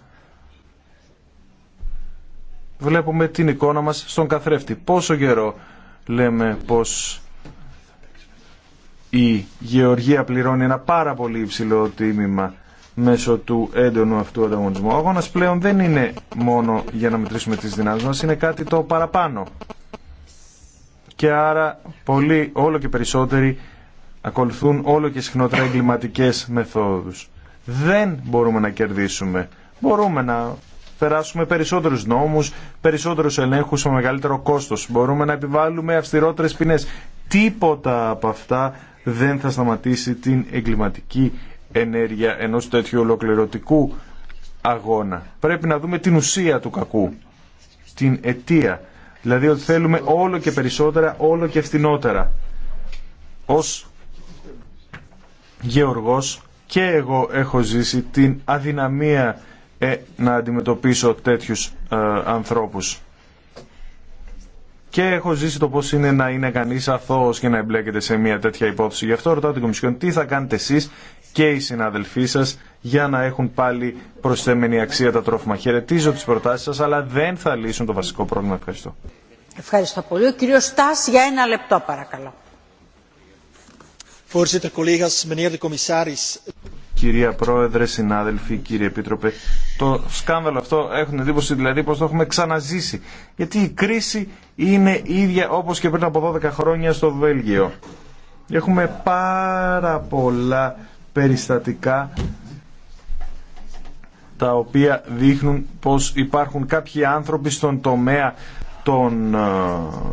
Βλέπουμε την εικόνα μας στον καθρέφτη. Πόσο καιρό λέμε πως η Γεωργία πληρώνει ένα πάρα πολύ υψηλό τίμημα μέσω του έντονου αυτού ανταγωνισμού. Ο αγώνας πλέον δεν είναι μόνο για να μετρήσουμε τις δυνάμεις μας, είναι κάτι το παραπάνω. Και άρα πολύ όλο και περισσότεροι ακολουθούν όλο και συχνότερα εγκληματικέ μεθόδους. Δεν μπορούμε να κερδίσουμε. Μπορούμε να περάσουμε περισσότερους νόμους, περισσότερους ελέγχους με μεγαλύτερο κόστος. Μπορούμε να επιβάλλουμε αυστηρότερες ποινές. Τίποτα από αυτά δεν θα σταματήσει την εγκληματική ενέργεια ενός τέτοιου ολοκληρωτικού αγώνα. Πρέπει να δούμε την ουσία του κακού, την αιτία. Δηλαδή ότι θέλουμε όλο και περισσότερα, όλο και φθηνότερα. Ως γεωργός και εγώ έχω ζήσει την αδυναμία ε, να αντιμετωπίσω τέτοιους ε, ανθρώπους. Και έχω ζήσει το πώς είναι να είναι κανείς αθώος και να εμπλέκεται σε μια τέτοια υπόθεση. Γι' αυτό ρωτάω την Κομισιόν τι θα κάνετε εσείς και οι συναδελφοί σας για να έχουν πάλι προσθέμενη αξία τα τρόφιμα. Χαιρετίζω τις προτάσεις σας αλλά δεν θα λύσουν το βασικό πρόβλημα. Ευχαριστώ. Ευχαριστώ πολύ. Ο κύριο Στάς για ένα λεπτό, παρακαλώ. Κυρία Πρόεδρε, συνάδελφοι, κύριε Επίτροπε, το σκάνδαλο αυτό έχουν εντύπωση δηλαδή πως το έχουμε ξαναζήσει. Γιατί η κρίση είναι ίδια όπως και πριν από 12 χρόνια στο Βέλγιο. Έχουμε πάρα πολλά περιστατικά τα οποία δείχνουν πως υπάρχουν κάποιοι άνθρωποι στον τομέα των ε,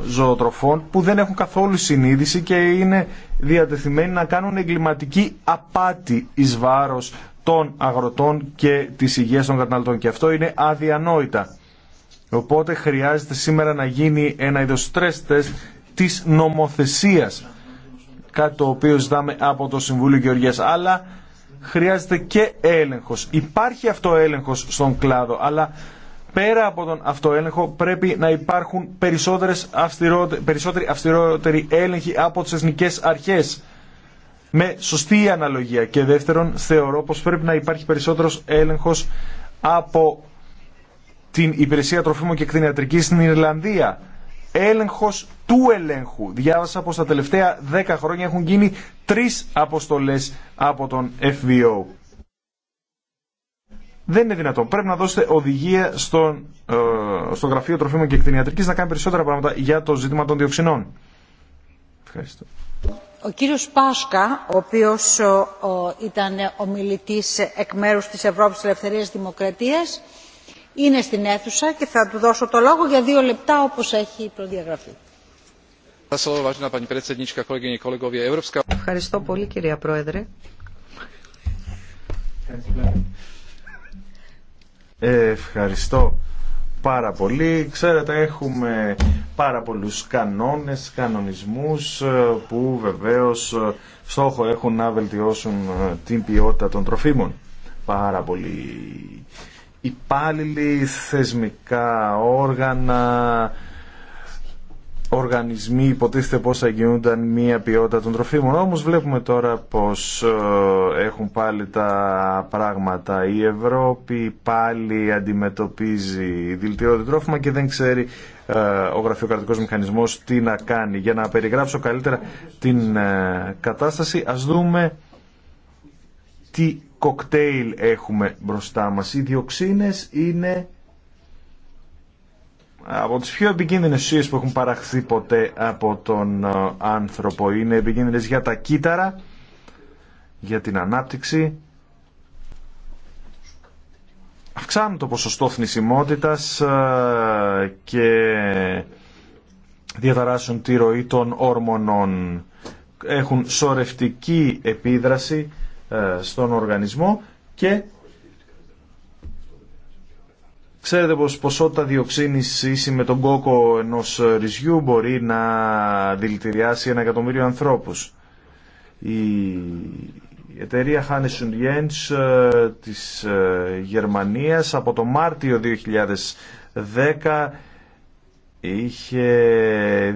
ζωοτροφών που δεν έχουν καθόλου συνείδηση και είναι διατεθειμένοι να κάνουν εγκληματική απάτη εις βάρος των αγροτών και της υγείας των καταναλωτών και αυτό είναι αδιανόητα. Οπότε χρειάζεται σήμερα να γίνει ένα είδος stress test της νομοθεσίας κάτι το οποίο ζητάμε από το Συμβούλιο Γεωργίας αλλά χρειάζεται και έλεγχος. Υπάρχει αυτό έλεγχος στον κλάδο αλλά πέρα από τον αυτοέλεγχο πρέπει να υπάρχουν περισσότερες αυστηρότε περισσότεροι αυστηρότεροι έλεγχοι από τις εθνικές αρχές με σωστή αναλογία και δεύτερον θεωρώ πως πρέπει να υπάρχει περισσότερος έλεγχος από την υπηρεσία τροφίμων και κτηνιατρικής στην Ιρλανδία έλεγχος του ελέγχου. Διάβασα πως τα τελευταία 10 χρόνια έχουν γίνει τρεις αποστολές από τον FBO. Δεν είναι δυνατόν. Πρέπει να δώσετε οδηγία στον, ε, στο Γραφείο Τροφίμων και Εκτινιατρικής να κάνει περισσότερα πράγματα για το ζήτημα των διοξινών. Ευχαριστώ. Ο κύριος Πάσκα, ο οποίος ο, ο, ήταν ομιλητής εκ μέρους της Ευρώπης της Ελευθερίας Δημοκρατίας, είναι στην αίθουσα και θα του δώσω το λόγο για δύο λεπτά όπως έχει προδιαγραφεί. Ευχαριστώ πολύ κυρία Πρόεδρε. Ευχαριστώ πάρα πολύ. Ξέρετε, έχουμε πάρα πολλούς κανόνες, κανονισμούς ε, που βεβαίως ε, στόχο έχουν να βελτιώσουν ε, την ποιότητα των τροφίμων. Πάρα πολύ υπάλληλοι, θεσμικά όργανα, οργανισμοί υποτίθεται πως αγγιούνταν μία ποιότητα των τροφίμων. Όμως βλέπουμε τώρα πως ε, έχουν πάλι τα πράγματα. Η Ευρώπη πάλι αντιμετωπίζει δηλητηριώδη τρόφιμα και δεν ξέρει ε, ο γραφειοκρατικός μηχανισμός τι να κάνει. Για να περιγράψω καλύτερα την ε, κατάσταση, ας δούμε τι κοκτέιλ έχουμε μπροστά μας. Οι διοξίνες είναι από τις πιο επικίνδυνες ουσίες που έχουν παραχθεί ποτέ από τον ε, άνθρωπο. Είναι επικίνδυνες για τα κύτταρα, για την ανάπτυξη. Αυξάνουν το ποσοστό θνησιμότητας ε, και διαταράσσουν τη ροή των όρμονων. Έχουν σορευτική επίδραση ε, στον οργανισμό και Ξέρετε πως ποσότητα διοξίνης ίση με τον κόκο ενός ρυζιού μπορεί να δηλητηριάσει ένα εκατομμύριο ανθρώπους. Η εταιρεία Hannes Jens ε, της ε, Γερμανίας από το Μάρτιο 2010 είχε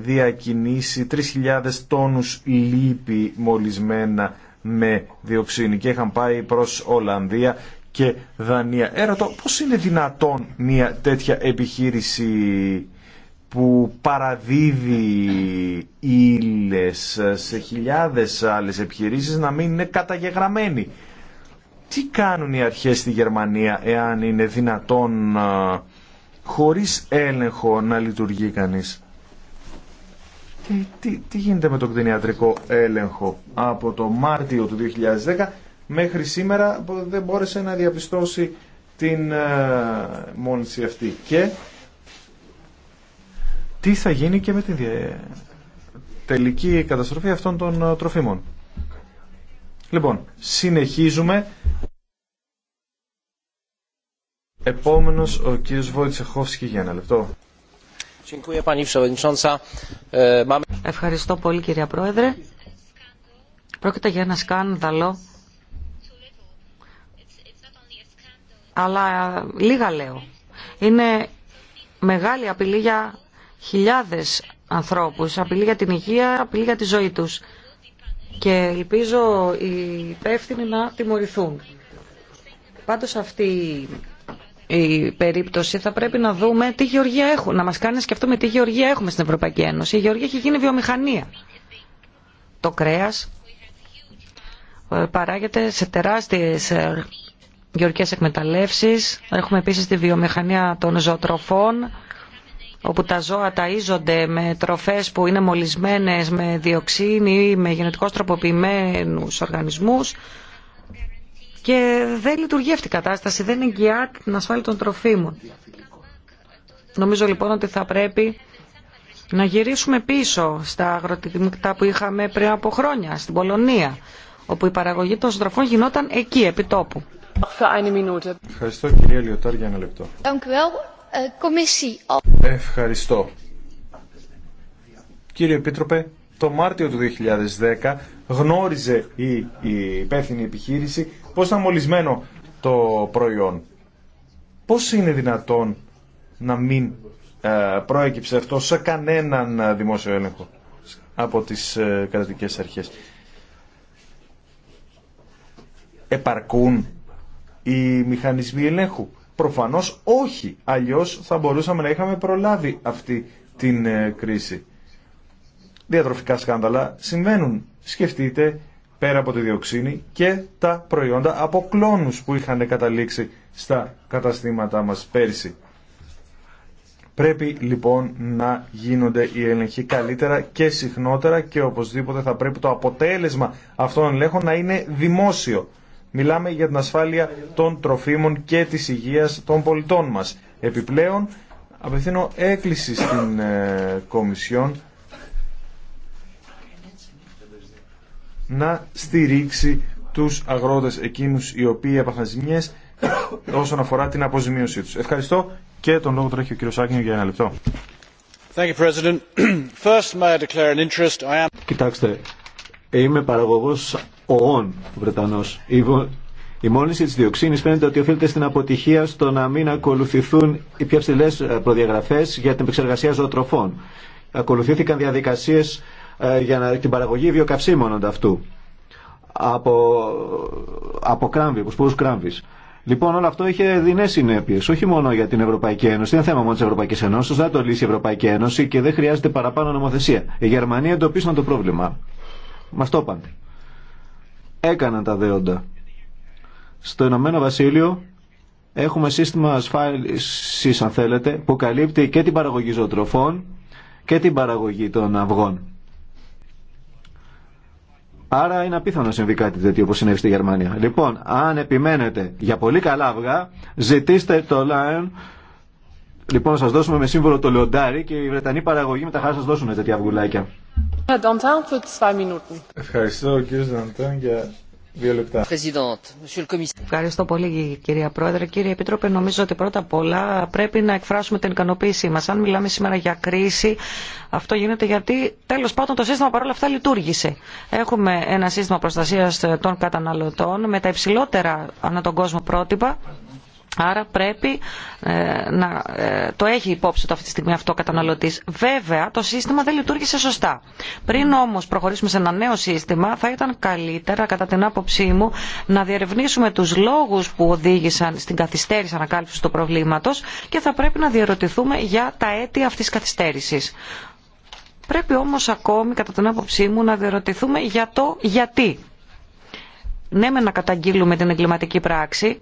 διακινήσει 3.000 τόνους λίπη μολυσμένα με διοξίνη και είχαν πάει προς Ολλανδία και Δανία. Έρωτο, πώς είναι δυνατόν μια τέτοια επιχείρηση που παραδίδει ύλες σε χιλιάδες άλλες επιχειρήσεις να μην είναι καταγεγραμμένη. Τι κάνουν οι αρχές στη Γερμανία εάν είναι δυνατόν χωρίς έλεγχο να λειτουργεί κανείς. Τι, τι, τι γίνεται με το κτηνιατρικό έλεγχο από το Μάρτιο του 2010 μέχρι σήμερα δεν μπόρεσε να διαπιστώσει την ε, μόνηση αυτή. Και τι θα γίνει και με την τελική καταστροφή αυτών των ε, τροφίμων. Λοιπόν, συνεχίζουμε. Επόμενος ο κύριος Βόιτσεχόφσκι για ένα λεπτό. Ε, Ευχαριστώ πολύ κυρία Πρόεδρε. Πρόκειται για ένα σκάνδαλο αλλά λίγα λέω. Είναι μεγάλη απειλή για χιλιάδες ανθρώπους, απειλή για την υγεία, απειλή για τη ζωή τους. Και ελπίζω οι υπεύθυνοι να τιμωρηθούν. Πάντως αυτή η περίπτωση θα πρέπει να δούμε τι γεωργία έχουν, να μας κάνει να σκεφτούμε τι γεωργία έχουμε στην Ευρωπαϊκή Ένωση. Η γεωργία έχει γίνει βιομηχανία. Το κρέας ε, παράγεται σε τεράστιες ε, γεωργικές εκμεταλλεύσεις. Έχουμε επίσης τη βιομηχανία των ζωοτροφών, όπου τα ζώα ταΐζονται με τροφές που είναι μολυσμένες με διοξίνη ή με γενετικώς τροποποιημένους οργανισμούς και δεν λειτουργεί αυτή η κατάσταση, δεν εγγυάται την ασφάλεια των τροφίμων. Νομίζω λοιπόν ότι θα πρέπει να γυρίσουμε πίσω στα αγροτικά που είχαμε πριν από χρόνια, στην Πολωνία, όπου η παραγωγή των ζωοτροφών γινόταν εκεί, επί τόπου. Ευχαριστώ κυρία Λιωτάρ για ένα λεπτό. Eh, Ευχαριστώ. Κύριε Επίτροπε, το Μάρτιο του 2010 γνώριζε η, η υπεύθυνη επιχείρηση πώς ήταν μολυσμένο το προϊόν. Πώς είναι δυνατόν να μην ε, προέκυψε αυτό σε κανέναν δημόσιο έλεγχο από τις ε, κρατικές αρχές. Επαρκούν οι μηχανισμοί ελέγχου. Προφανώς όχι, αλλιώς θα μπορούσαμε να είχαμε προλάβει αυτή την ε, κρίση. Διατροφικά σκάνδαλα συμβαίνουν. Σκεφτείτε πέρα από τη διοξίνη και τα προϊόντα από κλόνους που είχαν καταλήξει στα καταστήματά μας πέρσι. Πρέπει λοιπόν να γίνονται οι έλεγχοι καλύτερα και συχνότερα και οπωσδήποτε θα πρέπει το αποτέλεσμα αυτών ελέγχων να είναι δημόσιο. Μιλάμε για την ασφάλεια των τροφίμων και της υγείας των πολιτών μας. Επιπλέον, απευθύνω έκκληση στην ε, Κομισιόν να στηρίξει τους αγρότες εκείνους οι οποίοι έπαθαν όσον αφορά την αποζημίωσή τους. Ευχαριστώ και τον λόγο τρέχει ο κύριος Σάκνιο για ένα λεπτό. Thank you, President. [CLEARS THROAT] First, may declare an interest. I am... Κοιτάξτε, είμαι παραγωγός ο ΟΟΝ, Βρετανός. Η, η μόλυνση της διοξινή φαίνεται ότι οφείλεται στην αποτυχία στο να μην ακολουθηθούν οι πιο ψηλέ ε, προδιαγραφές για την επεξεργασία ζωοτροφών. Ακολουθήθηκαν διαδικασίες ε, για την παραγωγή βιοκαυσίμων ανταυτού από, από κράμβη, από σπόρους κράμβης. Λοιπόν, όλο αυτό είχε δεινέ συνέπειε, όχι μόνο για την Ευρωπαϊκή Ένωση. Δεν θέμα μόνο τη Ευρωπαϊκή Ένωση, δεν το λύσει η Ευρωπαϊκή Ένωση και δεν χρειάζεται παραπάνω νομοθεσία. Οι Γερμανοί εντοπίσαν το πρόβλημα. Μα το έκαναν τα δέοντα. Στο Ηνωμένο Βασίλειο έχουμε σύστημα ασφάλισης, αν θέλετε, που καλύπτει και την παραγωγή ζωοτροφών και την παραγωγή των αυγών. Άρα είναι απίθανο να συμβεί κάτι τέτοιο όπως συνέβη στη Γερμανία. Λοιπόν, αν επιμένετε για πολύ καλά αυγά, ζητήστε το Lion. Λοιπόν, σας δώσουμε με σύμβολο το λεοντάρι και οι Βρετανοί παραγωγοί τα χάρη σας δώσουν τέτοια αυγουλάκια. Ευχαριστώ πολύ κυρία Πρόεδρε. Κύριε Επίτροπε, νομίζω ότι πρώτα απ' όλα πρέπει να εκφράσουμε την ικανοποίησή μας. Αν μιλάμε σήμερα για κρίση, αυτό γίνεται γιατί τέλος πάντων το σύστημα παρόλα αυτά λειτουργήσε. Έχουμε ένα σύστημα προστασίας των καταναλωτών με τα υψηλότερα ανά τον κόσμο πρότυπα Άρα πρέπει ε, να ε, το έχει υπόψη το αυτή τη στιγμή αυτό ο καταναλωτή. Βέβαια, το σύστημα δεν λειτουργήσε σωστά. Πριν όμως προχωρήσουμε σε ένα νέο σύστημα, θα ήταν καλύτερα, κατά την άποψή μου, να διερευνήσουμε τους λόγους που οδήγησαν στην καθυστέρηση ανακάλυψης του προβλήματος και θα πρέπει να διερωτηθούμε για τα αίτια αυτής τη καθυστέρηση. Πρέπει όμως ακόμη, κατά την άποψή μου, να διερωτηθούμε για το γιατί. Ναι, με να καταγγείλουμε την εγκληματική πράξη,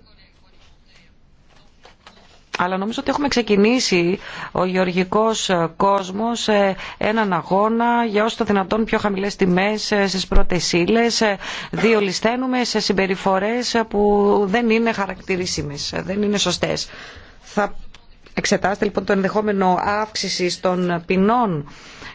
αλλά νομίζω ότι έχουμε ξεκινήσει ο γεωργικός ε, κόσμος ε, έναν αγώνα για όσο το δυνατόν πιο χαμηλές τιμές ε, στις πρώτες ύλες. Δύο σε συμπεριφορές που δεν είναι χαρακτηρίσιμες, δεν είναι σωστές. Θα εξετάσετε λοιπόν το ενδεχόμενο αύξηση των ποινών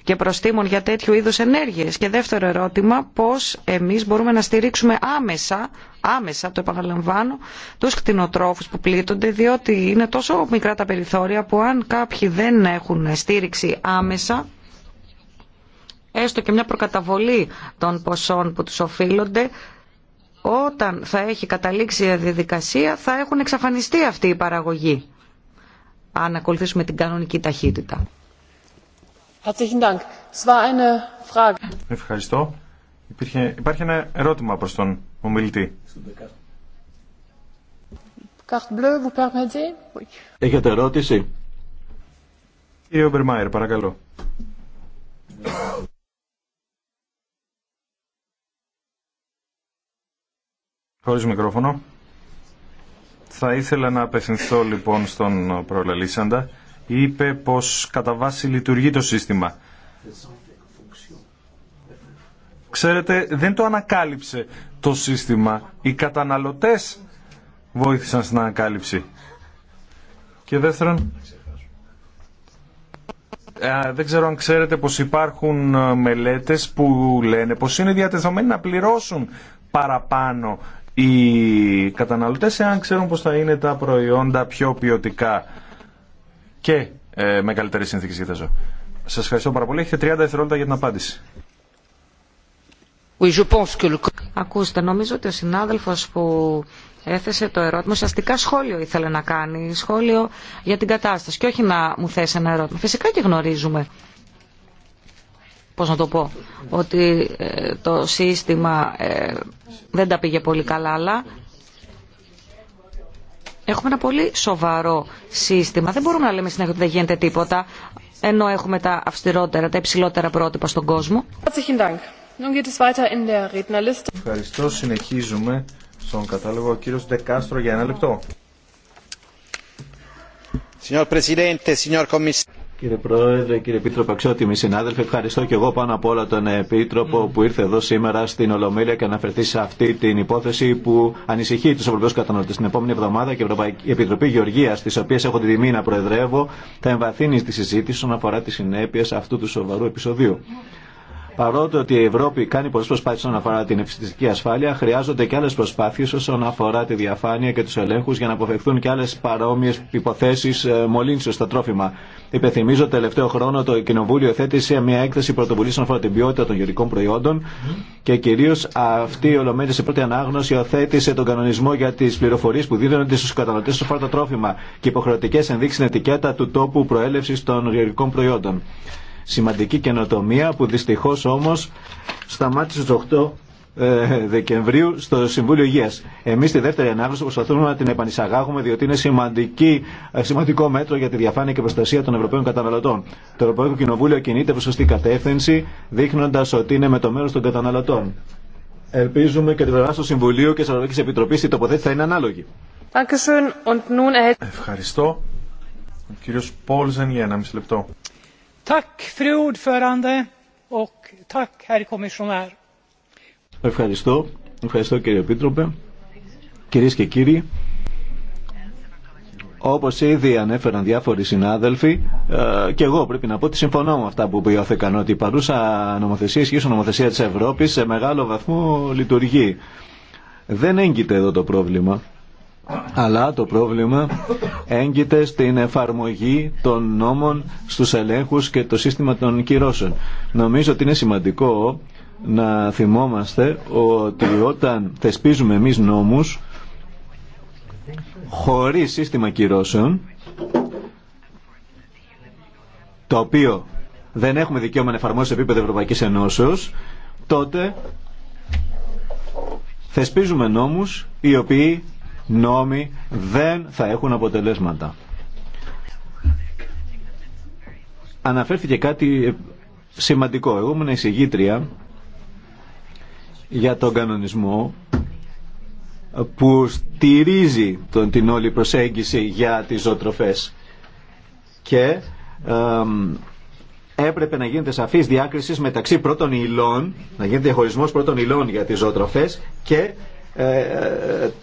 και προστήμων για τέτοιου είδους ενέργειες. Και δεύτερο ερώτημα, πώς εμείς μπορούμε να στηρίξουμε άμεσα, άμεσα το επαναλαμβάνω, τους κτηνοτρόφους που πλήττονται, διότι είναι τόσο μικρά τα περιθώρια που αν κάποιοι δεν έχουν στήριξη άμεσα, έστω και μια προκαταβολή των ποσών που τους οφείλονται, όταν θα έχει καταλήξει η διαδικασία θα έχουν εξαφανιστεί αυτή η παραγωγή αν ακολουθήσουμε την κανονική ταχύτητα. Ευχαριστώ. υπάρχει ένα ερώτημα προς τον ομιλητή. Έχετε ερώτηση. Κύριε Ομπερμάιρ, παρακαλώ. Χωρίς μικρόφωνο. Θα ήθελα να απευθυνθώ λοιπόν στον προλαλήσαντα είπε πως κατά βάση λειτουργεί το σύστημα. Ξέρετε, δεν το ανακάλυψε το σύστημα. Οι καταναλωτές βοήθησαν στην ανακάλυψη. Και δεύτερον, δεν ξέρω αν ξέρετε πως υπάρχουν μελέτες που λένε πως είναι διατεθωμένοι να πληρώσουν παραπάνω οι καταναλωτές εάν ξέρουν πως θα είναι τα προϊόντα πιο ποιοτικά και ε, με καλύτερε συνθήκε για τα ζώα. Σα ευχαριστώ πάρα πολύ. Έχετε 30 δευτερόλεπτα για την απάντηση. Ακούστε, νομίζω ότι ο συνάδελφο που έθεσε το ερώτημα, ουσιαστικά σχόλιο ήθελε να κάνει, σχόλιο για την κατάσταση και όχι να μου θέσει ένα ερώτημα. Φυσικά και γνωρίζουμε, πώς να το πω, ότι ε, το σύστημα ε, δεν τα πήγε πολύ καλά, αλλά Έχουμε ένα πολύ σοβαρό σύστημα. Δεν μπορούμε να λέμε συνέχεια ότι δεν γίνεται τίποτα, ενώ έχουμε τα αυστηρότερα, τα υψηλότερα πρότυπα στον κόσμο. Ευχαριστώ. Συνεχίζουμε στον κατάλογο. Ο κύριος Ντεκάστρο για ένα λεπτό. Κύριε Πρόεδρε, κύριε Επίτροπε, αξιότιμοι συνάδελφοι, ευχαριστώ και εγώ πάνω απ' όλα τον Επίτροπο mm. που ήρθε εδώ σήμερα στην Ολομέλεια και αναφερθεί σε αυτή την υπόθεση που ανησυχεί του Ευρωπαίου καταναλωτέ. Την επόμενη εβδομάδα και η Επιτροπή Γεωργία, τη οποία έχω την τιμή να προεδρεύω, θα εμβαθύνει στη συζήτηση όσον αφορά τι συνέπειε αυτού του σοβαρού επεισοδίου. Παρότι ότι η Ευρώπη κάνει πολλέ προσπάθειε όσον αφορά την ευστιστική ασφάλεια, χρειάζονται και άλλε προσπάθειε όσον αφορά τη διαφάνεια και του ελέγχου για να αποφευθούν και άλλε παρόμοιε υποθέσει ε, μολύνσεω στα τρόφιμα. Υπενθυμίζω τελευταίο χρόνο το Κοινοβούλιο θέτησε μια έκθεση πρωτοβουλία σχετικά αφορά την ποιότητα των γεωρικών προϊόντων και κυρίω αυτή η Ολομέλεια σε πρώτη ανάγνωση οθέτησε τον κανονισμό για τι πληροφορίε που δίδονται στου καταναλωτέ στο φάρτο τρόφιμα και υποχρεωτικέ ενδείξει στην ετικέτα του τόπου προέλευση των γεωρικών προϊόντων. Σημαντική καινοτομία που δυστυχώ όμω σταμάτησε στου 8 ε, Δεκεμβρίου στο Συμβούλιο Υγεία. Εμεί στη δεύτερη ανάγνωση προσπαθούμε να την επανεισαγάγουμε διότι είναι σημαντική, ε, σημαντικό μέτρο για τη διαφάνεια και προστασία των Ευρωπαίων καταναλωτών. Το Ευρωπαϊκό Κοινοβούλιο κινείται προ σωστή κατεύθυνση δείχνοντα ότι είναι με το μέρο των καταναλωτών. Ελπίζουμε και την πλευρά του Συμβουλίου και τη Ευρωπαϊκή Επιτροπή η τοποθέτηση θα είναι ανάλογη. Ευχαριστώ. ένα μισή λεπτό. Ευχαριστώ. Ευχαριστώ κύριε Επίτροπε. Κυρίες και κύριοι, όπως ήδη ανέφεραν διάφοροι συνάδελφοι, ε, και εγώ πρέπει να πω ότι συμφωνώ με αυτά που ποιόθηκαν, ότι η παρούσα νομοθεσία, η νομοθεσία της Ευρώπης, σε μεγάλο βαθμό λειτουργεί. Δεν έγκυται εδώ το πρόβλημα, αλλά το πρόβλημα έγκυται στην εφαρμογή των νόμων στους ελέγχους και το σύστημα των κυρώσεων. Νομίζω ότι είναι σημαντικό να θυμόμαστε ότι όταν θεσπίζουμε εμείς νόμους χωρίς σύστημα κυρώσεων το οποίο δεν έχουμε δικαίωμα να εφαρμόσουμε σε επίπεδο Ευρωπαϊκής Ενώσεως τότε θεσπίζουμε νόμους οι οποίοι νόμοι δεν θα έχουν αποτελέσματα. Αναφέρθηκε κάτι σημαντικό. Εγώ ήμουν εισηγήτρια για τον κανονισμό που στηρίζει τον, την όλη προσέγγιση για τις ζωοτροφές και έπρεπε να γίνεται σαφής διάκριση μεταξύ πρώτων υλών, να γίνεται διαχωρισμός πρώτων υλών για τις ζωοτροφές και ε,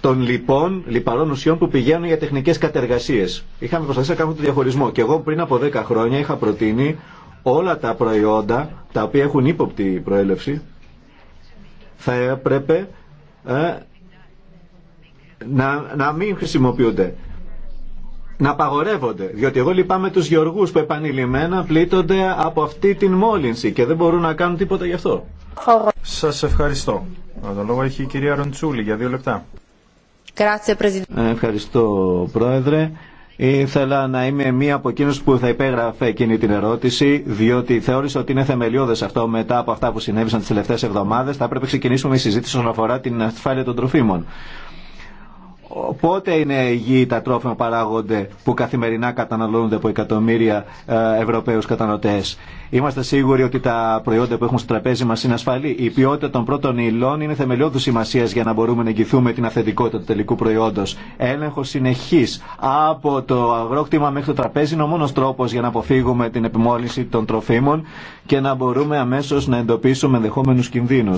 των λοιπόν λιπαρών ουσιών που πηγαίνουν για τεχνικές κατεργασίες. Είχαμε προσπαθήσει να κάνουμε τον διαχωρισμό και εγώ πριν από 10 χρόνια είχα προτείνει όλα τα προϊόντα τα οποία έχουν ύποπτη προέλευση θα έπρεπε ε, να, να μην χρησιμοποιούνται, να απαγορεύονται. Διότι εγώ λυπάμαι τους γεωργούς που επανειλημμένα πλήττονται από αυτή την μόλυνση και δεν μπορούν να κάνουν τίποτα γι' αυτό. Σας ευχαριστώ. Το λόγο έχει η κυρία Ροντσούλη για δύο λεπτά. Ευχαριστώ Πρόεδρε. Ήθελα να είμαι μία από εκείνου που θα υπέγραφε εκείνη την ερώτηση, διότι θεώρησα ότι είναι θεμελιώδε αυτό μετά από αυτά που συνέβησαν τι τελευταίε εβδομάδε. Θα έπρεπε να ξεκινήσουμε η συζήτηση όσον αφορά την ασφάλεια των τροφίμων. Πότε είναι υγιή τα τρόφιμα παράγονται που καθημερινά καταναλώνονται από εκατομμύρια ε, Ευρωπαίους καταναλωτές. Είμαστε σίγουροι ότι τα προϊόντα που έχουμε στο τραπέζι μα είναι ασφαλή. Η ποιότητα των πρώτων υλών είναι θεμελιώδου σημασία για να μπορούμε να εγγυθούμε την αυθεντικότητα του τελικού προϊόντο. Έλεγχο συνεχή από το αγρόκτημα μέχρι το τραπέζι είναι ο μόνο τρόπο για να αποφύγουμε την επιμόλυνση των τροφίμων και να μπορούμε αμέσω να εντοπίσουμε ενδεχόμενου κινδύνου.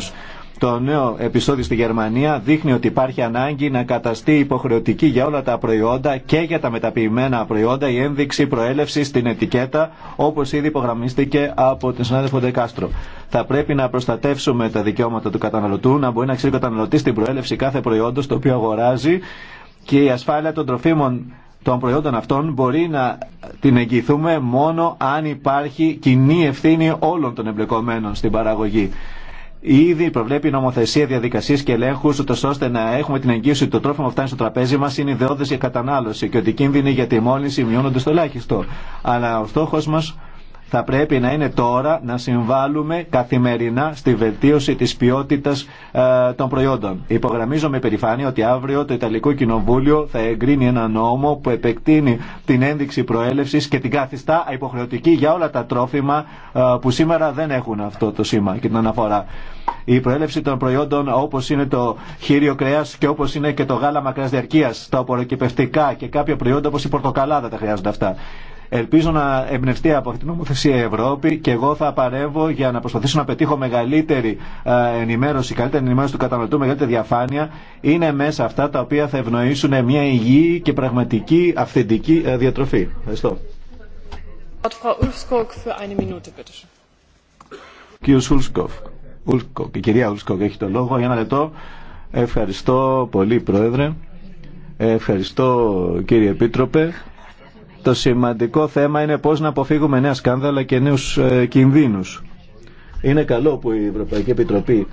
Το νέο επεισόδιο στη Γερμανία δείχνει ότι υπάρχει ανάγκη να καταστεί υποχρεωτική για όλα τα προϊόντα και για τα μεταποιημένα προϊόντα η ένδειξη προέλευση στην ετικέτα όπω ήδη υπογραμμίστηκε και από την συνάδελφο Ντεκάστρο. Θα πρέπει να προστατεύσουμε τα δικαιώματα του καταναλωτού, να μπορεί να ξέρει ο καταναλωτή την προέλευση κάθε προϊόντο το οποίο αγοράζει και η ασφάλεια των τροφίμων των προϊόντων αυτών μπορεί να την εγγυηθούμε μόνο αν υπάρχει κοινή ευθύνη όλων των εμπλεκομένων στην παραγωγή. Ήδη προβλέπει νομοθεσία διαδικασίε και ελέγχου, ούτω ώστε να έχουμε την εγγύηση ότι το τρόφιμο που φτάνει στο τραπέζι μα είναι ιδεώδε για κατανάλωση και ότι οι κίνδυνοι για τη μόλυνση στο ελάχιστο. Αλλά ο στόχο μα θα πρέπει να είναι τώρα να συμβάλλουμε καθημερινά στη βελτίωση της ποιότητας ε, των προϊόντων. Υπογραμμίζω με περηφάνεια ότι αύριο το Ιταλικό Κοινοβούλιο θα εγκρίνει ένα νόμο που επεκτείνει την ένδειξη προέλευσης και την καθιστά υποχρεωτική για όλα τα τρόφιμα ε, που σήμερα δεν έχουν αυτό το σήμα και την αναφορά. Η προέλευση των προϊόντων όπως είναι το χείριο κρέας και όπως είναι και το γάλα μακράς διαρκείας, τα οποροκυπευτικά και κάποια προϊόντα όπως η πορτοκαλάδα τα χρειάζονται αυτά. Ελπίζω να εμπνευστεί από αυτή την νομοθεσία η Ευρώπη και εγώ θα παρεύω για να προσπαθήσω να πετύχω μεγαλύτερη ε, ενημέρωση, καλύτερη ενημέρωση του καταναλωτού, μεγαλύτερη διαφάνεια. Είναι μέσα αυτά τα οποία θα ευνοήσουν μια υγιή και πραγματική αυθεντική ε, διατροφή. Ευχαριστώ. Κύριος Ουλσκοφ. Η κυρία Ουλσκοφ έχει το λόγο. Για ένα λεπτό. Ευχαριστώ πολύ, Πρόεδρε. Ευχαριστώ, κύριε Επίτροπε. Το σημαντικό θέμα είναι πώς να αποφύγουμε νέα σκάνδαλα και νέους ε, κινδύνους. Είναι καλό που η Ευρωπαϊκή Επιτροπή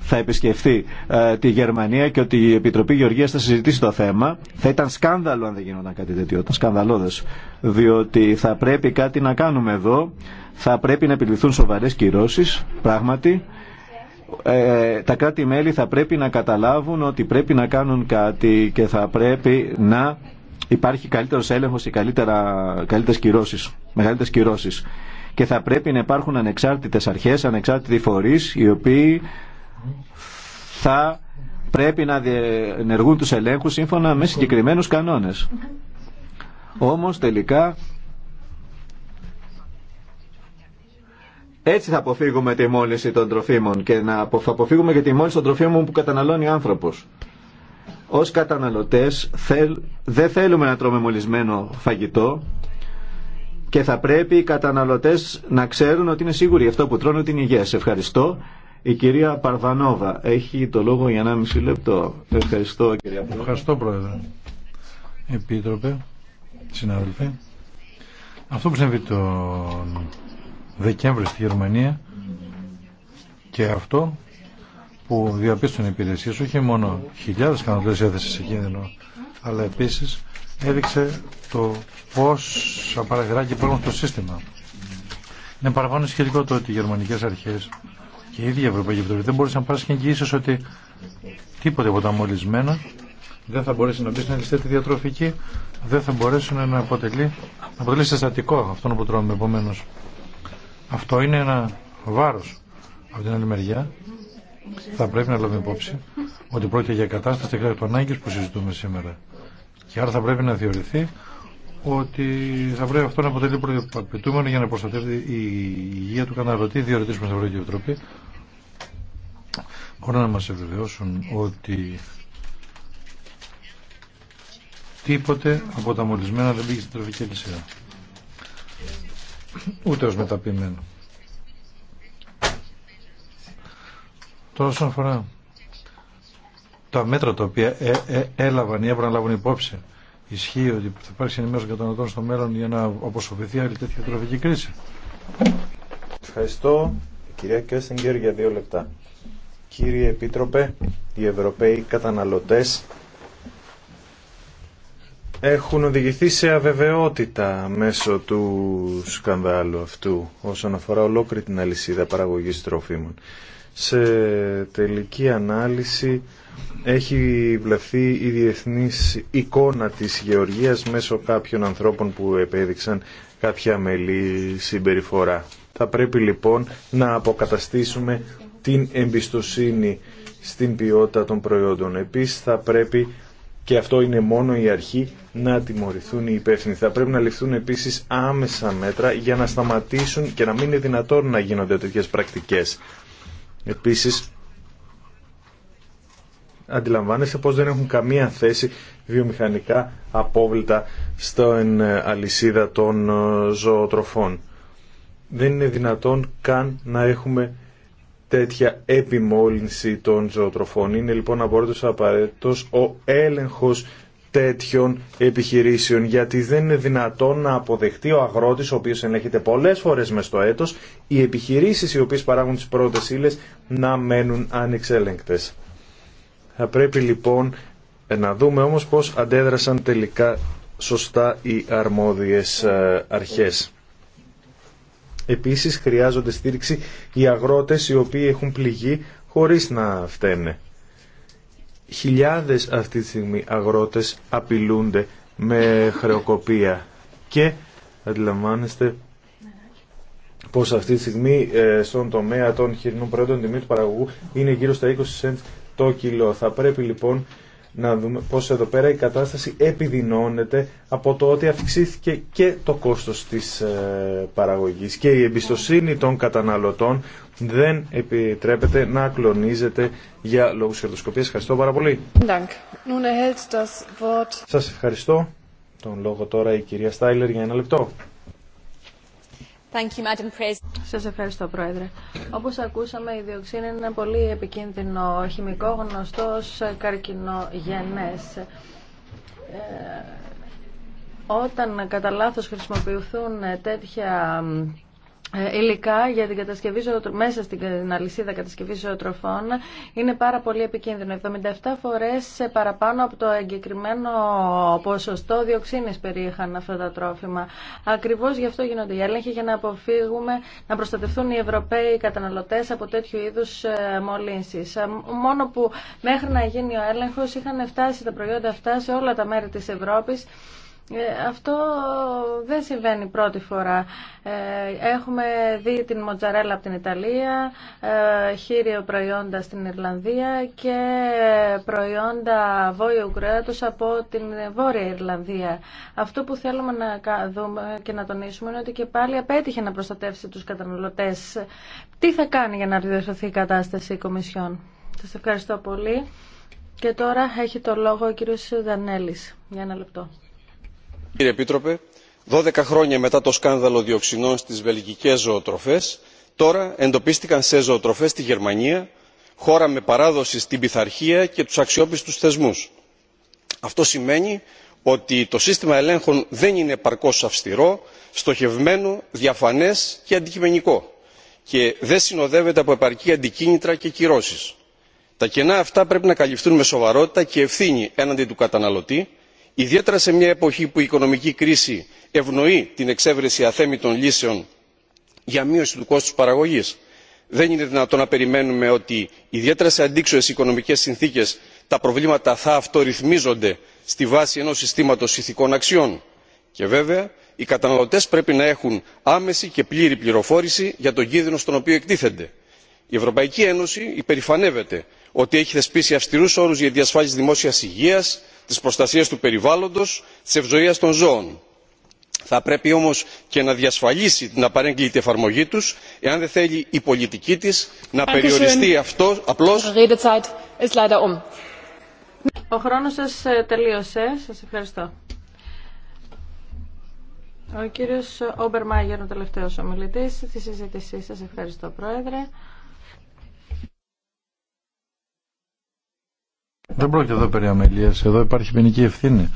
θα επισκεφθεί ε, τη Γερμανία και ότι η Επιτροπή Γεωργίας θα συζητήσει το θέμα. Θα ήταν σκάνδαλο αν δεν γινόταν κάτι τέτοιο, ήταν σκανδαλώδες. Διότι θα πρέπει κάτι να κάνουμε εδώ, θα πρέπει να επιβληθούν σοβαρές κυρώσεις, πράγματι. Ε, τα κράτη-μέλη θα πρέπει να καταλάβουν ότι πρέπει να κάνουν κάτι και θα πρέπει να υπάρχει καλύτερος έλεγχος και καλύτερα, κυρώσει. μεγαλύτερες κυρώσεις. Και θα πρέπει να υπάρχουν ανεξάρτητες αρχές, ανεξάρτητοι φορείς, οι οποίοι θα πρέπει να διενεργούν τους ελέγχους σύμφωνα με συγκεκριμένους κανόνες. Όμως τελικά έτσι θα αποφύγουμε τη μόλυνση των τροφίμων και να αποφύγουμε και τη μόλυνση των τροφίμων που καταναλώνει ο άνθρωπος. Ως καταναλωτές δεν θέλουμε να τρώμε μολυσμένο φαγητό και θα πρέπει οι καταναλωτές να ξέρουν ότι είναι σίγουροι αυτό που τρώνε ότι είναι υγιές. Ευχαριστώ. Η κυρία Παρβανόβα έχει το λόγο για μισή λεπτό. Ευχαριστώ κυρία Πρόεδρε. Ευχαριστώ Πρόεδρε. Επίτροπε, συναδελφέ. Αυτό που συμβεί τον Δεκέμβρη στη Γερμανία και αυτό που οι υπηρεσίε, όχι μόνο χιλιάδε κανοντές έθεσε σε κίνδυνο αλλά επίση έδειξε το πόσα παραθυράκια υπάρχουν στο σύστημα. Είναι παραπάνω σχετικό το ότι οι γερμανικέ αρχέ και η ίδια η Ευρωπαϊκή Επιτροπή δεν μπορούσαν να πάρουν ότι τίποτε από τα μολυσμένα δεν θα μπορέσει να μπει στην αλυσίδα τη διατροφική, δεν θα μπορέσει να αποτελεί, να αποτελεί συστατικό αυτόν που τρώμε. Επομένω, αυτό είναι ένα βάρο από την άλλη μεριά θα πρέπει να λάβουμε υπόψη ότι πρόκειται για κατάσταση ανάγκη που συζητούμε σήμερα. Και άρα θα πρέπει να θεωρηθεί ότι θα πρέπει αυτό να αποτελεί προεπιτούμενο για να προστατεύει η υγεία του καταναλωτή. Διότι στην Ευρωπαϊκή Επιτροπή μπορεί να μα επιβεβαιώσουν ότι τίποτε από τα μολυσμένα δεν πήγε στην τροφική αλυσία Ούτε ω μεταποιημένο. Τώρα όσον αφορά τα μέτρα τα οποία ε, ε, έλαβαν ή έπρεπε να λάβουν υπόψη ισχύει ότι θα υπάρξει ενημέρωση καταναλωτών στο μέλλον για να αποσοβηθεί άλλη τέτοια τροφική κρίση. Ευχαριστώ. Κυρία Κέστιγκερ για δύο λεπτά. Κύριε Επίτροπε, οι Ευρωπαίοι καταναλωτές έχουν οδηγηθεί σε αβεβαιότητα μέσω του σκανδάλου αυτού όσον αφορά ολόκληρη την αλυσίδα παραγωγής τροφίμων σε τελική ανάλυση έχει βλεφθεί η διεθνής εικόνα της Γεωργίας μέσω κάποιων ανθρώπων που επέδειξαν κάποια μελή συμπεριφορά. Θα πρέπει λοιπόν να αποκαταστήσουμε την εμπιστοσύνη στην ποιότητα των προϊόντων. Επίσης θα πρέπει και αυτό είναι μόνο η αρχή να τιμωρηθούν οι υπεύθυνοι. Θα πρέπει να ληφθούν επίσης άμεσα μέτρα για να σταματήσουν και να μην είναι δυνατόν να γίνονται τέτοιες πρακτικές. Επίσης, αντιλαμβάνεστε πως δεν έχουν καμία θέση βιομηχανικά απόβλητα στην ε, αλυσίδα των ε, ζωοτροφών. Δεν είναι δυνατόν καν να έχουμε τέτοια επιμόλυνση των ζωοτροφών. Είναι λοιπόν απαραίτητος, απαραίτητος ο έλεγχος τέτοιων επιχειρήσεων γιατί δεν είναι δυνατόν να αποδεχτεί ο αγρότης ο οποίος ελέγχεται πολλές φορές μες στο έτος οι επιχειρήσεις οι οποίες παράγουν τις πρώτες ύλες να μένουν ανεξέλεγκτες. Θα πρέπει λοιπόν ε, να δούμε όμως πώς αντέδρασαν τελικά σωστά οι αρμόδιες ε, αρχές. Επίσης χρειάζονται στήριξη οι αγρότες οι οποίοι έχουν πληγεί χωρίς να φταίνε χιλιάδες αυτή τη στιγμή αγρότες απειλούνται με χρεοκοπία και αντιλαμβάνεστε πως αυτή τη στιγμή ε, στον τομέα των χοιρινών προϊόντων τιμή του παραγωγού είναι γύρω στα 20 cents το κιλό. Θα πρέπει λοιπόν να δούμε πως εδώ πέρα η κατάσταση επιδεινώνεται από το ότι αυξήθηκε και το κόστος της ε, παραγωγής και η εμπιστοσύνη των καταναλωτών δεν επιτρέπεται να κλονίζεται για λόγους κερδοσκοπίας. Ευχαριστώ πάρα πολύ. Σας ευχαριστώ. Τον λόγο τώρα η κυρία Στάιλερ για ένα λεπτό. Thank Σας ευχαριστώ, Πρόεδρε. Όπως ακούσαμε, η διοξίνη είναι ένα πολύ επικίνδυνο χημικό γνωστό ως καρκινογενές. Ε, όταν κατά λάθο χρησιμοποιηθούν τέτοια ε, υλικά για την κατασκευή μέσα στην αλυσίδα κατασκευή ζωοτροφών είναι πάρα πολύ επικίνδυνο. 77 φορές παραπάνω από το εγκεκριμένο ποσοστό διοξίνη περιείχαν αυτά τα τρόφιμα. Ακριβώς γι' αυτό γίνονται οι έλεγχοι για να αποφύγουμε να προστατευτούν οι Ευρωπαίοι καταναλωτές από τέτοιου είδου ε, μολύνσει. Ε, μόνο που μέχρι να γίνει ο έλεγχο, είχαν φτάσει τα προϊόντα αυτά σε όλα τα μέρη της Ευρώπης ε, αυτό δεν συμβαίνει πρώτη φορά. Ε, έχουμε δει την μοτζαρέλα από την Ιταλία, ε, χείριο προϊόντα στην Ιρλανδία και προϊόντα βόλιο κρέατος από την Βόρεια Ιρλανδία. Αυτό που θέλουμε να δούμε και να τονίσουμε είναι ότι και πάλι απέτυχε να προστατεύσει τους καταναλωτές. Τι θα κάνει για να διορθωθεί η κατάσταση η Κομισιόν. Σας ευχαριστώ πολύ. Και τώρα έχει το λόγο ο κύριος Δανέλης. Για ένα λεπτό κύριε επίτροπε δώδεκα χρόνια μετά το σκάνδαλο διοξινών στις βελγικές ζωοτροφές τώρα εντοπίστηκαν σε ζωοτροφές στη γερμανία χώρα με παράδοση στην πειθαρχία και τους αξιόπιστους θεσμούς. αυτό σημαίνει ότι το σύστημα ελέγχων δεν είναι επαρκώς αυστηρό στοχευμένο διαφανές και αντικειμενικό και δεν συνοδεύεται από επαρκή αντικίνητρα και κυρώσεις. τα κενά αυτά πρέπει να καλυφθούν με σοβαρότητα και ευθύνη έναντι του καταναλωτή ιδιαίτερα σε μια εποχή που η οικονομική κρίση ευνοεί την εξέβρεση αθέμητων λύσεων για μείωση του κόστου παραγωγής δεν είναι δυνατόν να περιμένουμε ότι ιδιαίτερα σε αντίξωε οικονομικέ συνθήκε τα προβλήματα θα αυτορυθμίζονται στη βάση ενός συστήματος ηθικών αξιών και βέβαια οι καταναλωτές πρέπει να έχουν άμεση και πλήρη πληροφόρηση για τον κίνδυνο στον οποίο εκτίθενται η ευρωπαϊκή ένωση υπερηφανεύεται ότι έχει θεσπίσει αυστηρού όρου για τη διασφάλιση δημόσια υγεία τη προστασία του περιβάλλοντο τη ευζοία των ζώων. θα πρέπει όμω και να διασφαλίσει την απαρέγκλητη εφαρμογή του εάν δεν θέλει η πολιτική τη να περιοριστεί απλώ. Um. Ο χρόνο σα ε, τελείωσε. Ο Ευχαριστώ, Πρόεδρε. Δεν πρόκειται εδώ περί αμελίας. Εδώ υπάρχει ποινική ευθύνη.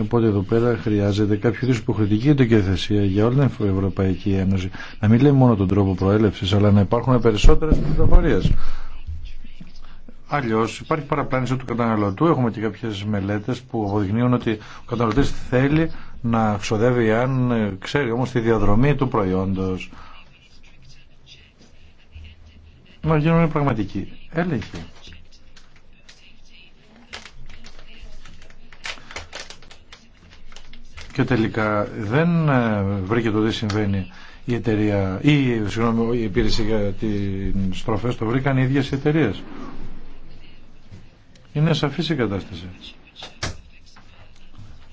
Οπότε εδώ πέρα χρειάζεται κάποιο είδου υποχρεωτική εντοκιοθεσία για όλη την Ευρωπαϊκή Ένωση. Να μην λέει μόνο τον τρόπο προέλευση, αλλά να υπάρχουν περισσότερε πληροφορίε. Αλλιώ υπάρχει παραπλάνηση του καταναλωτού. Έχουμε και κάποιε μελέτε που αποδεικνύουν ότι ο καταναλωτή θέλει να ξοδεύει αν ε, ξέρει όμω τη διαδρομή του προϊόντο. Να γίνουν πραγματικοί έλεγχοι. και τελικά δεν ε, βρήκε το τι συμβαίνει η εταιρεία ή συγγνώμη, η υπηρεσία για τι στροφές το βρήκαν οι ίδιες οι εταιρείες. Είναι σαφή η κατάσταση.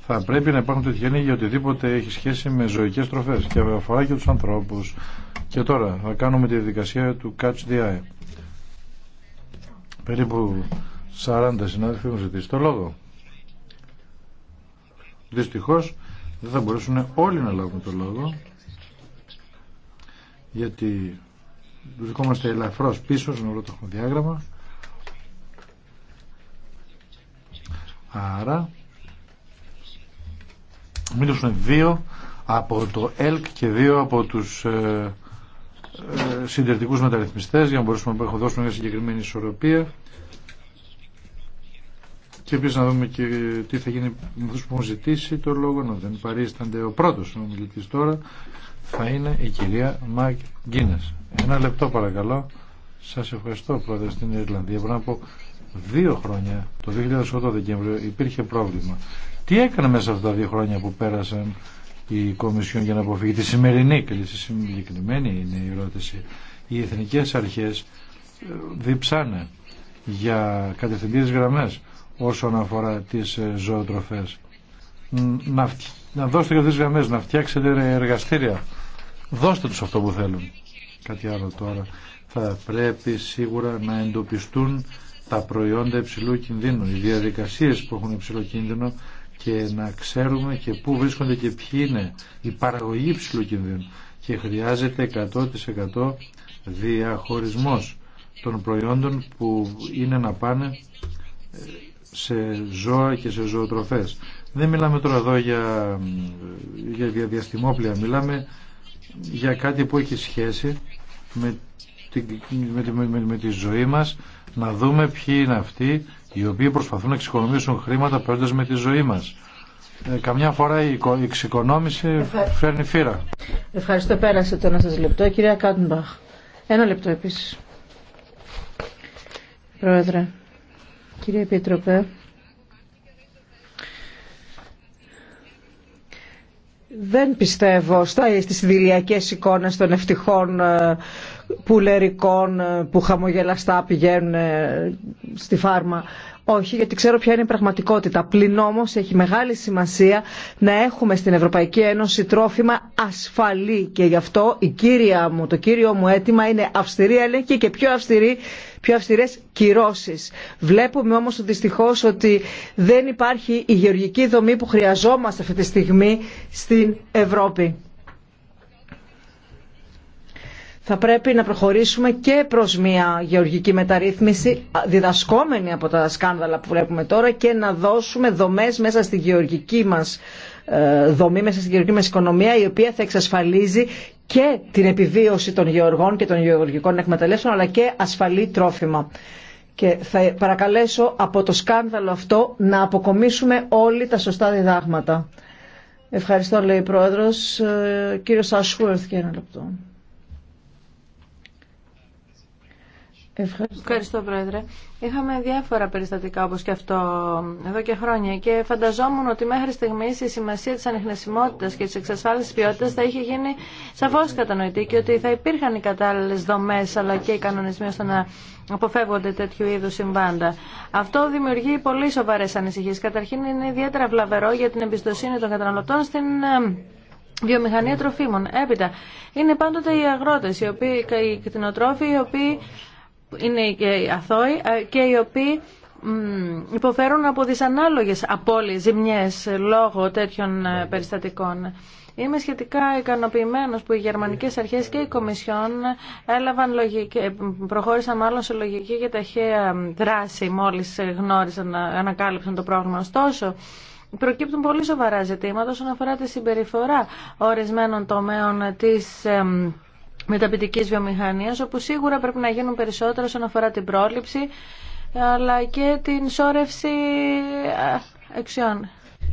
Θα πρέπει να υπάρχουν τέτοιοι για οτιδήποτε έχει σχέση με ζωικές στροφές και αφορά και του ανθρώπου. Και τώρα θα κάνουμε τη διαδικασία του Catch the Eye. Περίπου 40 συνάδελφοι μου ζητήσει το λόγο. Δυστυχώς δεν θα μπορέσουν όλοι να λάβουν το λόγο γιατί βρισκόμαστε ελαφρώς πίσω στον όλο το χρονοδιάγραμμα άρα μίλησαν δύο από το ΕΛΚ και δύο από τους ε, ε, συντηρητικούς μεταρρυθμιστές για να μπορέσουμε να δώσουμε μια συγκεκριμένη ισορροπία και επίση να δούμε και τι θα γίνει με αυτού που έχουν ζητήσει το λόγο. Να δεν παρίστανται. Ο πρώτο ομιλητή τώρα θα είναι η κυρία Μακ Γκίνε. Ένα λεπτό παρακαλώ. Σα ευχαριστώ πρόεδρε στην Ιρλανδία. Πριν από δύο χρόνια, το 2008 Δεκέμβριο, υπήρχε πρόβλημα. Τι έκανε μέσα αυτά τα δύο χρόνια που πέρασαν η Κομισιόν για να αποφύγει τη σημερινή κρίση, συγκεκριμένη είναι η ερώτηση. Οι Εθνικέ αρχέ ε, διψάνε για κατευθυντήριε γραμμέ όσον αφορά τις ε, ζωοτροφές. Να, να δώσετε και τις γραμμές, να φτιάξετε εργαστήρια. Δώστε τους αυτό που θέλουν. Κάτι άλλο τώρα. Θα πρέπει σίγουρα να εντοπιστούν τα προϊόντα υψηλού κινδύνου, οι διαδικασίες που έχουν υψηλό κίνδυνο και να ξέρουμε και πού βρίσκονται και ποιοι είναι η παραγωγή υψηλού κινδύνου. Και χρειάζεται 100% διαχωρισμός των προϊόντων που είναι να πάνε ε, σε ζώα και σε ζωοτροφές. Δεν μιλάμε τώρα εδώ για, για, για μιλάμε για κάτι που έχει σχέση με τη, με, με, με τη ζωή μας, να δούμε ποιοι είναι αυτοί οι οποίοι προσπαθούν να εξοικονομήσουν χρήματα παίρνοντας με τη ζωή μας. Ε, καμιά φορά η εξοικονόμηση φέρνει φύρα. Ευχαριστώ. Πέρασε το ένα σας λεπτό. Κυρία Κάντμπαχ. Ένα λεπτό επίσης. Πρόεδρε. Κύριε Επίτροπε, δεν πιστεύω στα, στις δηλιακές εικόνες των ευτυχών ε, πουλερικών ε, που χαμογελαστά πηγαίνουν ε, στη φάρμα. Όχι, γιατί ξέρω ποια είναι η πραγματικότητα. Πλην όμω έχει μεγάλη σημασία να έχουμε στην Ευρωπαϊκή Ένωση τρόφιμα ασφαλή. Και γι' αυτό η κύρια μου, το κύριο μου αίτημα είναι αυστηρή έλεγχη και πιο, αυστηρή, πιο αυστηρές κυρώσεις. Βλέπουμε όμως δυστυχώ ότι δεν υπάρχει η γεωργική δομή που χρειαζόμαστε αυτή τη στιγμή στην Ευρώπη θα πρέπει να προχωρήσουμε και προς μια γεωργική μεταρρύθμιση διδασκόμενη από τα σκάνδαλα που βλέπουμε τώρα και να δώσουμε δομές μέσα στη γεωργική μας ε, δομή, μέσα στη γεωργική μας οικονομία η οποία θα εξασφαλίζει και την επιβίωση των γεωργών και των γεωργικών εκμεταλλεύσεων αλλά και ασφαλή τρόφιμα. Και θα παρακαλέσω από το σκάνδαλο αυτό να αποκομίσουμε όλοι τα σωστά διδάγματα. Ευχαριστώ λέει η Πρόεδρος. Ε, κύριος Ασχούρθ, και ένα λεπτό. Ευχαριστώ. Ευχαριστώ, Πρόεδρε. Είχαμε διάφορα περιστατικά όπως και αυτό εδώ και χρόνια και φανταζόμουν ότι μέχρι στιγμής η σημασία της ανιχνεσιμότητας και της εξασφάλισης ποιότητας θα είχε γίνει σαφώς κατανοητή και ότι θα υπήρχαν οι κατάλληλες δομές αλλά και οι κανονισμοί ώστε να αποφεύγονται τέτοιου είδους συμβάντα. Αυτό δημιουργεί πολύ σοβαρέ ανησυχίε. Καταρχήν, είναι ιδιαίτερα βλαβερό για την εμπιστοσύνη των καταναλωτών στην ε, βιομηχανία τροφίμων. Έπειτα, είναι πάντοτε οι αγρότε, οι, οι κτηνοτρόφοι, οι οποίοι είναι οι αθώοι ε, και οι οποίοι υποφέρουν από δυσανάλογες απώλειες, ζημιές λόγω τέτοιων ε, περιστατικών. Είμαι σχετικά ικανοποιημένο που οι γερμανικέ αρχέ και οι Κομισιόν έλαβαν λογική, ε, προχώρησαν μάλλον σε λογική και ταχαία δράση μόλι γνώρισαν, ανακάλυψαν το πρόβλημα. Ωστόσο, προκύπτουν πολύ σοβαρά ζητήματα όσον αφορά τη συμπεριφορά ορισμένων τομέων της μεταπητικής βιομηχανίας, όπου σίγουρα πρέπει να γίνουν περισσότερο όσον αφορά την πρόληψη, αλλά και την σώρευση εξιών.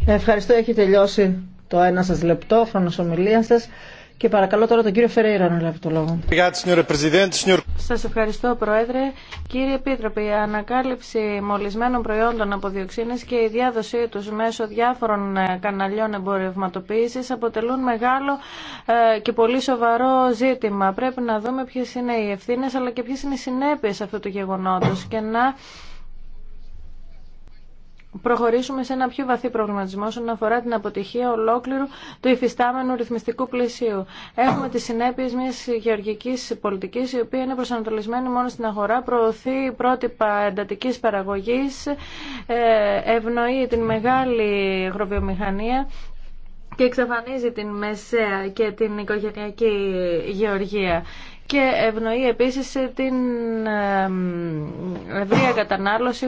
Ευχαριστώ, έχει τελειώσει το ένα σας λεπτό, χρόνος ομιλίας σας. Και παρακαλώ τώρα τον κύριο Φερέιρα να λάβει το λόγο. Σας ευχαριστώ Πρόεδρε. Κύριε Επίτροπε, η ανακάλυψη μολυσμένων προϊόντων από διοξίνε και η διάδοσή του μέσω διάφορων ε, καναλιών εμπορευματοποίηση αποτελούν μεγάλο ε, και πολύ σοβαρό ζήτημα. Πρέπει να δούμε ποιε είναι οι ευθύνε, αλλά και ποιε είναι οι συνέπειε αυτού του γεγονότο και προχωρήσουμε σε ένα πιο βαθύ προβληματισμό όσον αφορά την αποτυχία ολόκληρου του υφιστάμενου ρυθμιστικού πλαισίου. Έχουμε τι συνέπειε μια γεωργική πολιτική, η οποία είναι προσανατολισμένη μόνο στην αγορά, προωθεί πρότυπα εντατική παραγωγή, ε, ευνοεί την μεγάλη αγροβιομηχανία και εξαφανίζει την μεσαία και την οικογενειακή γεωργία και ευνοεί επίσης την ευρεία κατανάλωση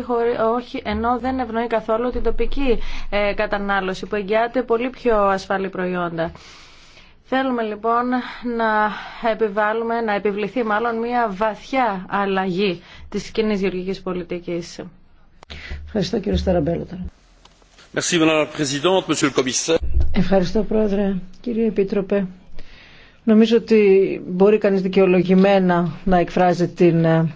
όχι, ενώ δεν ευνοεί καθόλου την τοπική ε, κατανάλωση που εγγυάται πολύ πιο ασφαλή προϊόντα. Θέλουμε λοιπόν να επιβάλλουμε, να επιβληθεί μάλλον μια βαθιά αλλαγή της κοινή γεωργικής πολιτικής. Ευχαριστώ κύριε Σταραμπέλο Ευχαριστώ πρόεδρε, κύριε Επίτροπε. Νομίζω ότι μπορεί κανείς δικαιολογημένα να εκφράζει την ε,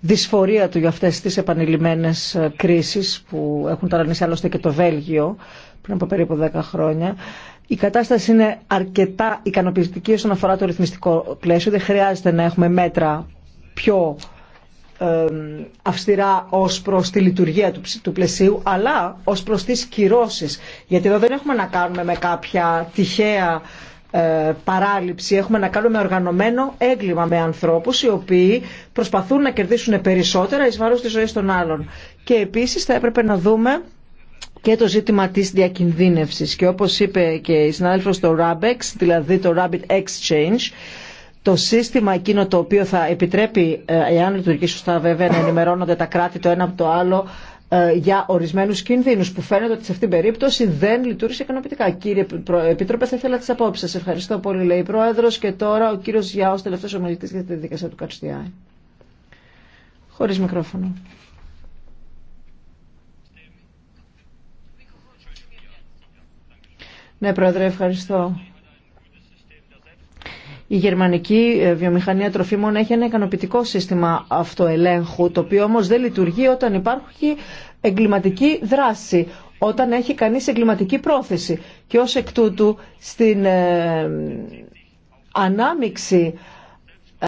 δυσφορία του για αυτές τις επανειλημμένες ε, κρίσεις που έχουν ταρανίσει άλλωστε και το Βέλγιο πριν από περίπου 10 χρόνια. Η κατάσταση είναι αρκετά ικανοποιητική όσον αφορά το ρυθμιστικό πλαίσιο. Δεν χρειάζεται να έχουμε μέτρα πιο ε, αυστηρά ως προς τη λειτουργία του πλαισίου αλλά ως προς τις κυρώσεις γιατί εδώ δεν έχουμε να κάνουμε με κάποια τυχαία ε, παράληψη. Έχουμε να κάνουμε οργανωμένο έγκλημα με ανθρώπους οι οποίοι προσπαθούν να κερδίσουν περισσότερα εις βάρος της ζωής των άλλων. Και επίσης θα έπρεπε να δούμε και το ζήτημα της διακινδύνευσης. Και όπως είπε και η συνάδελφος το RABEX, δηλαδή το Rabbit Exchange, το σύστημα εκείνο το οποίο θα επιτρέπει, ε, εάν λειτουργήσει σωστά βέβαια, να ενημερώνονται τα κράτη το ένα από το άλλο, ε, για ορισμένους κινδύνους που φαίνεται ότι σε αυτήν την περίπτωση δεν λειτουργήσε ικανοποιητικά. Κύριε Επίτροπε, θα ήθελα τις απόψεις σας. Ευχαριστώ πολύ, λέει η Πρόεδρος. Και τώρα ο κύριος Γιάος, τελευταίος ομιλητής για τη δικασία του Κατστιάη. Χωρίς μικρόφωνο. Ναι, Πρόεδρε, ευχαριστώ. Η γερμανική ε, βιομηχανία τροφίμων έχει ένα ικανοποιητικό σύστημα αυτοελέγχου, το οποίο όμως δεν λειτουργεί όταν υπάρχει εγκληματική δράση, όταν έχει κανείς εγκληματική πρόθεση. Και ως εκ τούτου στην ε, ανάμιξη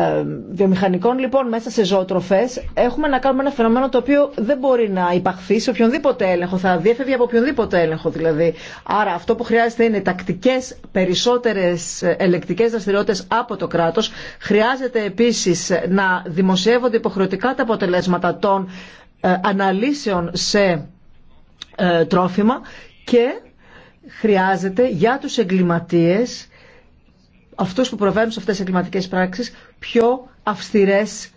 ε, βιομηχανικών λοιπόν μέσα σε ζωοτροφές έχουμε να κάνουμε ένα φαινόμενο το οποίο δεν μπορεί να υπαχθεί σε οποιονδήποτε έλεγχο, θα διέφευγε από οποιονδήποτε έλεγχο δηλαδή. Άρα αυτό που χρειάζεται είναι τακτικές περισσότερες ελεκτικές δραστηριότητες από το κράτος. Χρειάζεται επίσης να δημοσιεύονται υποχρεωτικά τα αποτελέσματα των ε, αναλύσεων σε ε, τρόφιμα και χρειάζεται για τους εγκληματίες αυτού που προβαίνουν σε αυτές τις εγκληματικέ πράξεις πιο αυστηρές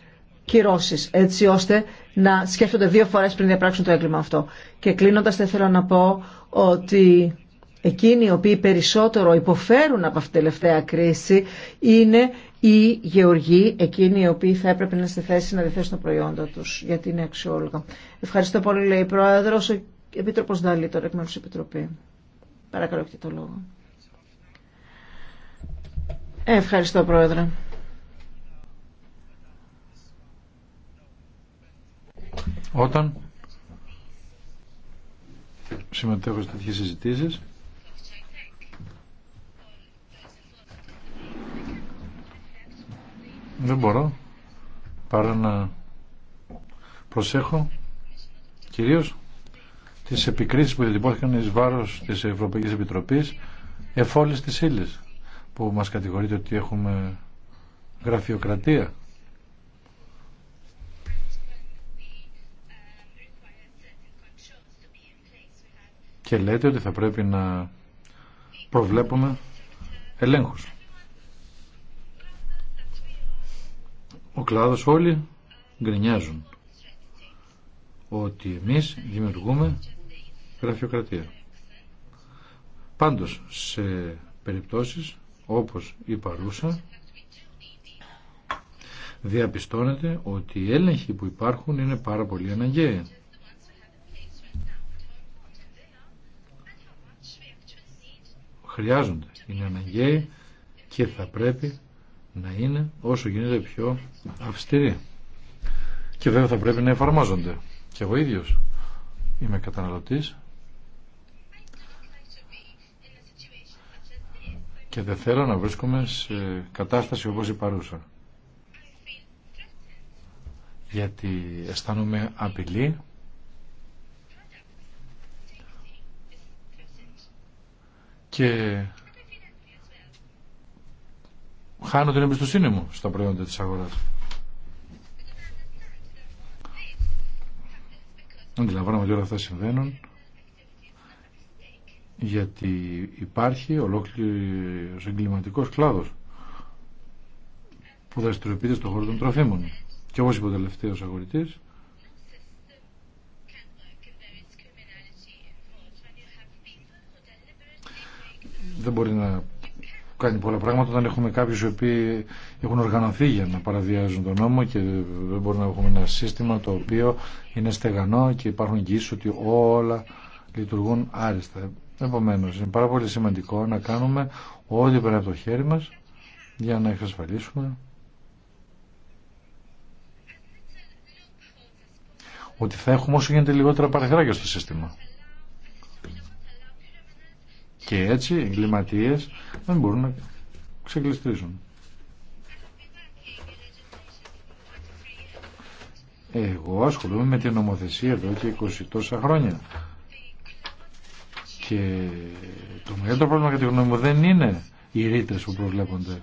κυρώσει, έτσι ώστε να σκέφτονται δύο φορέ πριν διαπράξουν το έγκλημα αυτό. Και κλείνοντα θα ήθελα να πω ότι εκείνοι οι οποίοι περισσότερο υποφέρουν από αυτή την τελευταία κρίση είναι οι γεωργοί, εκείνοι οι οποίοι θα έπρεπε να είναι στη θέση να διαθέσουν τα προϊόντα του, γιατί είναι αξιόλογα. Ευχαριστώ πολύ, λέει η Πρόεδρος, ο Επίτροπος Νταλή, τώρα εκ μέρους Επιτροπή. Παρακαλώ, έχετε το λόγο. Ευχαριστώ Πρόεδρε. Όταν συμμετέχω σε τέτοιες συζητήσεις δεν μπορώ παρά να προσέχω κυρίως τις επικρίσεις που διατυπώθηκαν εις βάρος της Ευρωπαϊκής Επιτροπής εφόλης της ύλης που μας κατηγορείτε ότι έχουμε γραφειοκρατία. Και λέτε ότι θα πρέπει να προβλέπουμε ελέγχους. Ο κλάδος όλοι γκρινιάζουν ότι εμείς δημιουργούμε γραφειοκρατία. Πάντως σε περιπτώσεις όπως η παρούσα διαπιστώνεται ότι οι έλεγχοι που υπάρχουν είναι πάρα πολύ αναγκαίοι. Χρειάζονται, είναι αναγκαίοι και θα πρέπει να είναι όσο γίνεται πιο αυστηροί. Και βέβαια θα πρέπει να εφαρμόζονται. Και εγώ ίδιος είμαι καταναλωτής και δεν θέλω να βρίσκομαι σε κατάσταση όπως η παρούσα. Γιατί αισθάνομαι απειλή και χάνω την εμπιστοσύνη μου στα προϊόντα της αγοράς. Αντιλαμβάνομαι ότι όλα αυτά συμβαίνουν γιατί υπάρχει ολόκληρος εγκληματικός κλάδος που δραστηριοποιείται στον χώρο των τροφίμων. Και όπως είπε ο τελευταίος αγορητής, δεν μπορεί να κάνει πολλά πράγματα όταν έχουμε κάποιους οι οποίοι έχουν οργανωθεί για να παραβιάζουν τον νόμο και δεν μπορεί να έχουμε ένα σύστημα το οποίο είναι στεγανό και υπάρχουν εγγυήσει ότι όλα λειτουργούν άριστα. Επομένως, είναι πάρα πολύ σημαντικό να κάνουμε ό,τι πέρα από το χέρι μα για να εξασφαλίσουμε ότι θα έχουμε όσο γίνεται λιγότερα παραθυράκια στο σύστημα. Και έτσι οι εγκληματίε δεν μπορούν να ξεκλειστρήσουν. Εγώ ασχολούμαι με την νομοθεσία εδώ και 20 τόσα χρόνια. Και το μεγαλύτερο πρόβλημα κατά τη γνώμη μου δεν είναι οι ρήτε που προβλέπονται,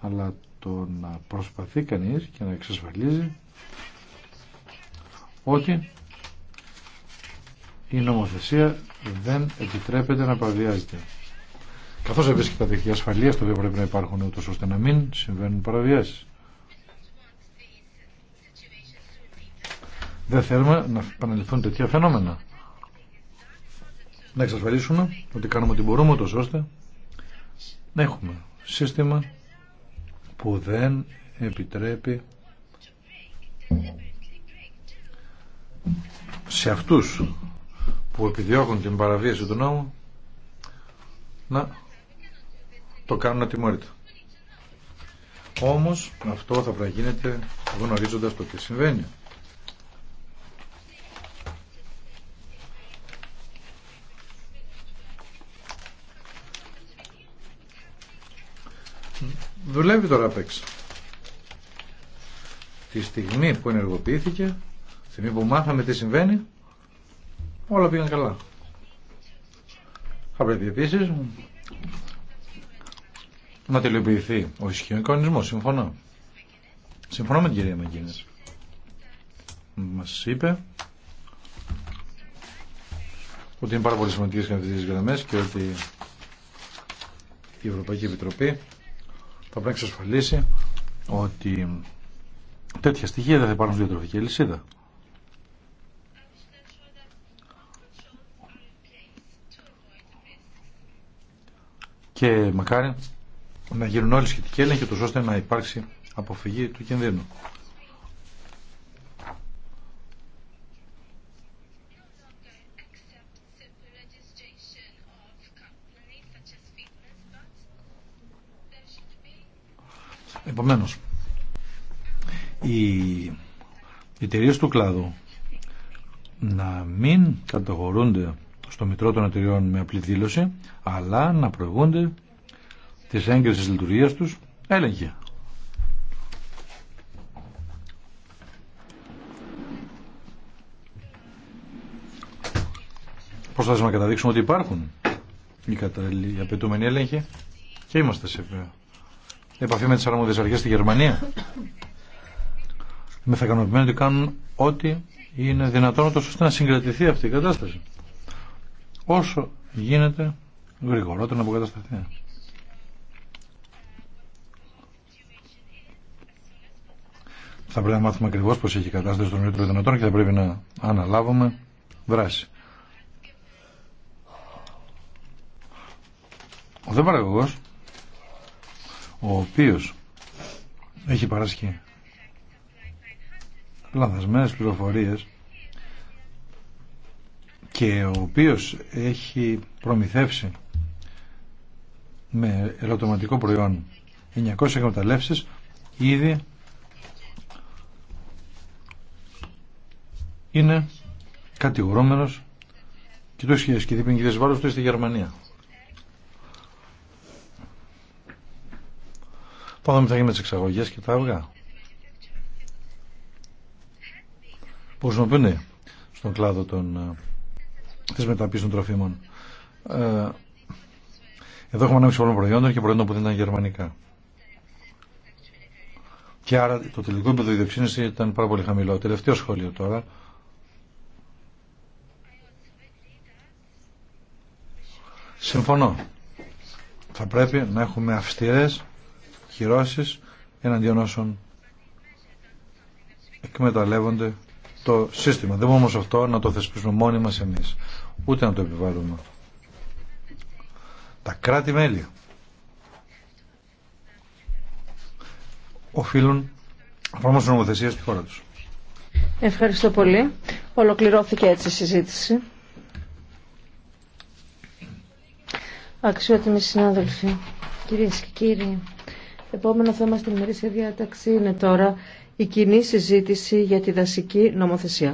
αλλά το να προσπαθεί κανεί και να εξασφαλίζει ότι η νομοθεσία δεν επιτρέπεται να παραβιάζεται. Καθώ επίσης και τα δίκτυα ασφαλείας τα οποία πρέπει να υπάρχουν ούτως ώστε να μην συμβαίνουν παραβιάσει. Δεν θέλουμε να επαναληφθούν τέτοια φαινόμενα να εξασφαλίσουμε ότι κάνουμε ό,τι μπορούμε ούτως ώστε να έχουμε σύστημα που δεν επιτρέπει σε αυτούς που επιδιώκουν την παραβίαση του νόμου να το κάνουν ατιμόρυτα. Όμως αυτό θα πρέπει να γίνεται γνωρίζοντας το τι συμβαίνει. δουλεύει τώρα απ' Τη στιγμή που ενεργοποιήθηκε, τη στιγμή που μάθαμε τι συμβαίνει, όλα πήγαν καλά. Θα πρέπει επίση να τελειοποιηθεί ο ισχυρό κανονισμό. Συμφωνώ. Συμφωνώ με την κυρία Μαγκίνε. Μα είπε ότι είναι πάρα πολύ σημαντικέ οι γραμμέ και ότι η Ευρωπαϊκή Επιτροπή θα πρέπει να εξασφαλίσει ότι τέτοια στοιχεία δεν θα υπάρχουν στη διατροφική αλυσίδα. Και μακάρι να γίνουν όλοι σχετικοί έλεγχοι, ώστε να υπάρξει αποφυγή του κινδύνου. Επομένω, οι εταιρείε του κλάδου να μην καταγορούνται στο Μητρό των Εταιριών με απλή δήλωση, αλλά να προηγούνται τη έγκριση λειτουργίας τους έλεγχη. Πώς θα να καταδείξουμε ότι υπάρχουν οι, κατα... οι απαιτούμενοι έλεγχοι και είμαστε σε βέβαια επαφή με τις αρμόδιες αρχές στη Γερμανία. Είμαι θα ότι κάνουν ό,τι είναι δυνατόν τόσο ώστε να συγκρατηθεί αυτή η κατάσταση. Όσο γίνεται γρηγορότερα να αποκατασταθεί. Θα πρέπει να μάθουμε ακριβώ πώ έχει η κατάσταση των νεότερων δυνατών και θα πρέπει να αναλάβουμε δράση. Ο δε παραγωγό ο οποίος έχει παράσχει λανθασμένες πληροφορίες και ο οποίος έχει προμηθεύσει με ελαττωματικό προϊόν 900 εκμεταλλεύσεις ήδη είναι κατηγορούμενος και το έχει ασκηθεί πριν κυρίες βάρος του στη Γερμανία. Πάμε θα γίνει με τις εξαγωγές και τα αυγά. Που χρησιμοποιούν στον κλάδο των, ε, της μεταποίησης των τροφίμων. Ε, εδώ έχουμε ανάμειξη πολλών προϊόντων και προϊόντων που δεν ήταν γερμανικά. Και άρα το τελικό επίπεδο ιδιοξύνηση ήταν πάρα πολύ χαμηλό. Τελευταίο σχόλιο τώρα. Συμφωνώ. Θα πρέπει να έχουμε αυστηρές κυρώσεις εναντίον όσων εκμεταλλεύονται το σύστημα. Δεν μπορούμε όμως αυτό να το θεσπίσουμε μόνοι μας εμείς, ούτε να το επιβάλλουμε. Τα κράτη-μέλη οφείλουν εφαρμόσουν νομοθεσία στη χώρα τους. Ευχαριστώ πολύ. Ολοκληρώθηκε έτσι η συζήτηση. Αξιότιμοι συνάδελφοι, κυρίες και κύριοι, Επόμενο θέμα στην ημερήσια διάταξη είναι τώρα η κοινή συζήτηση για τη δασική νομοθεσία.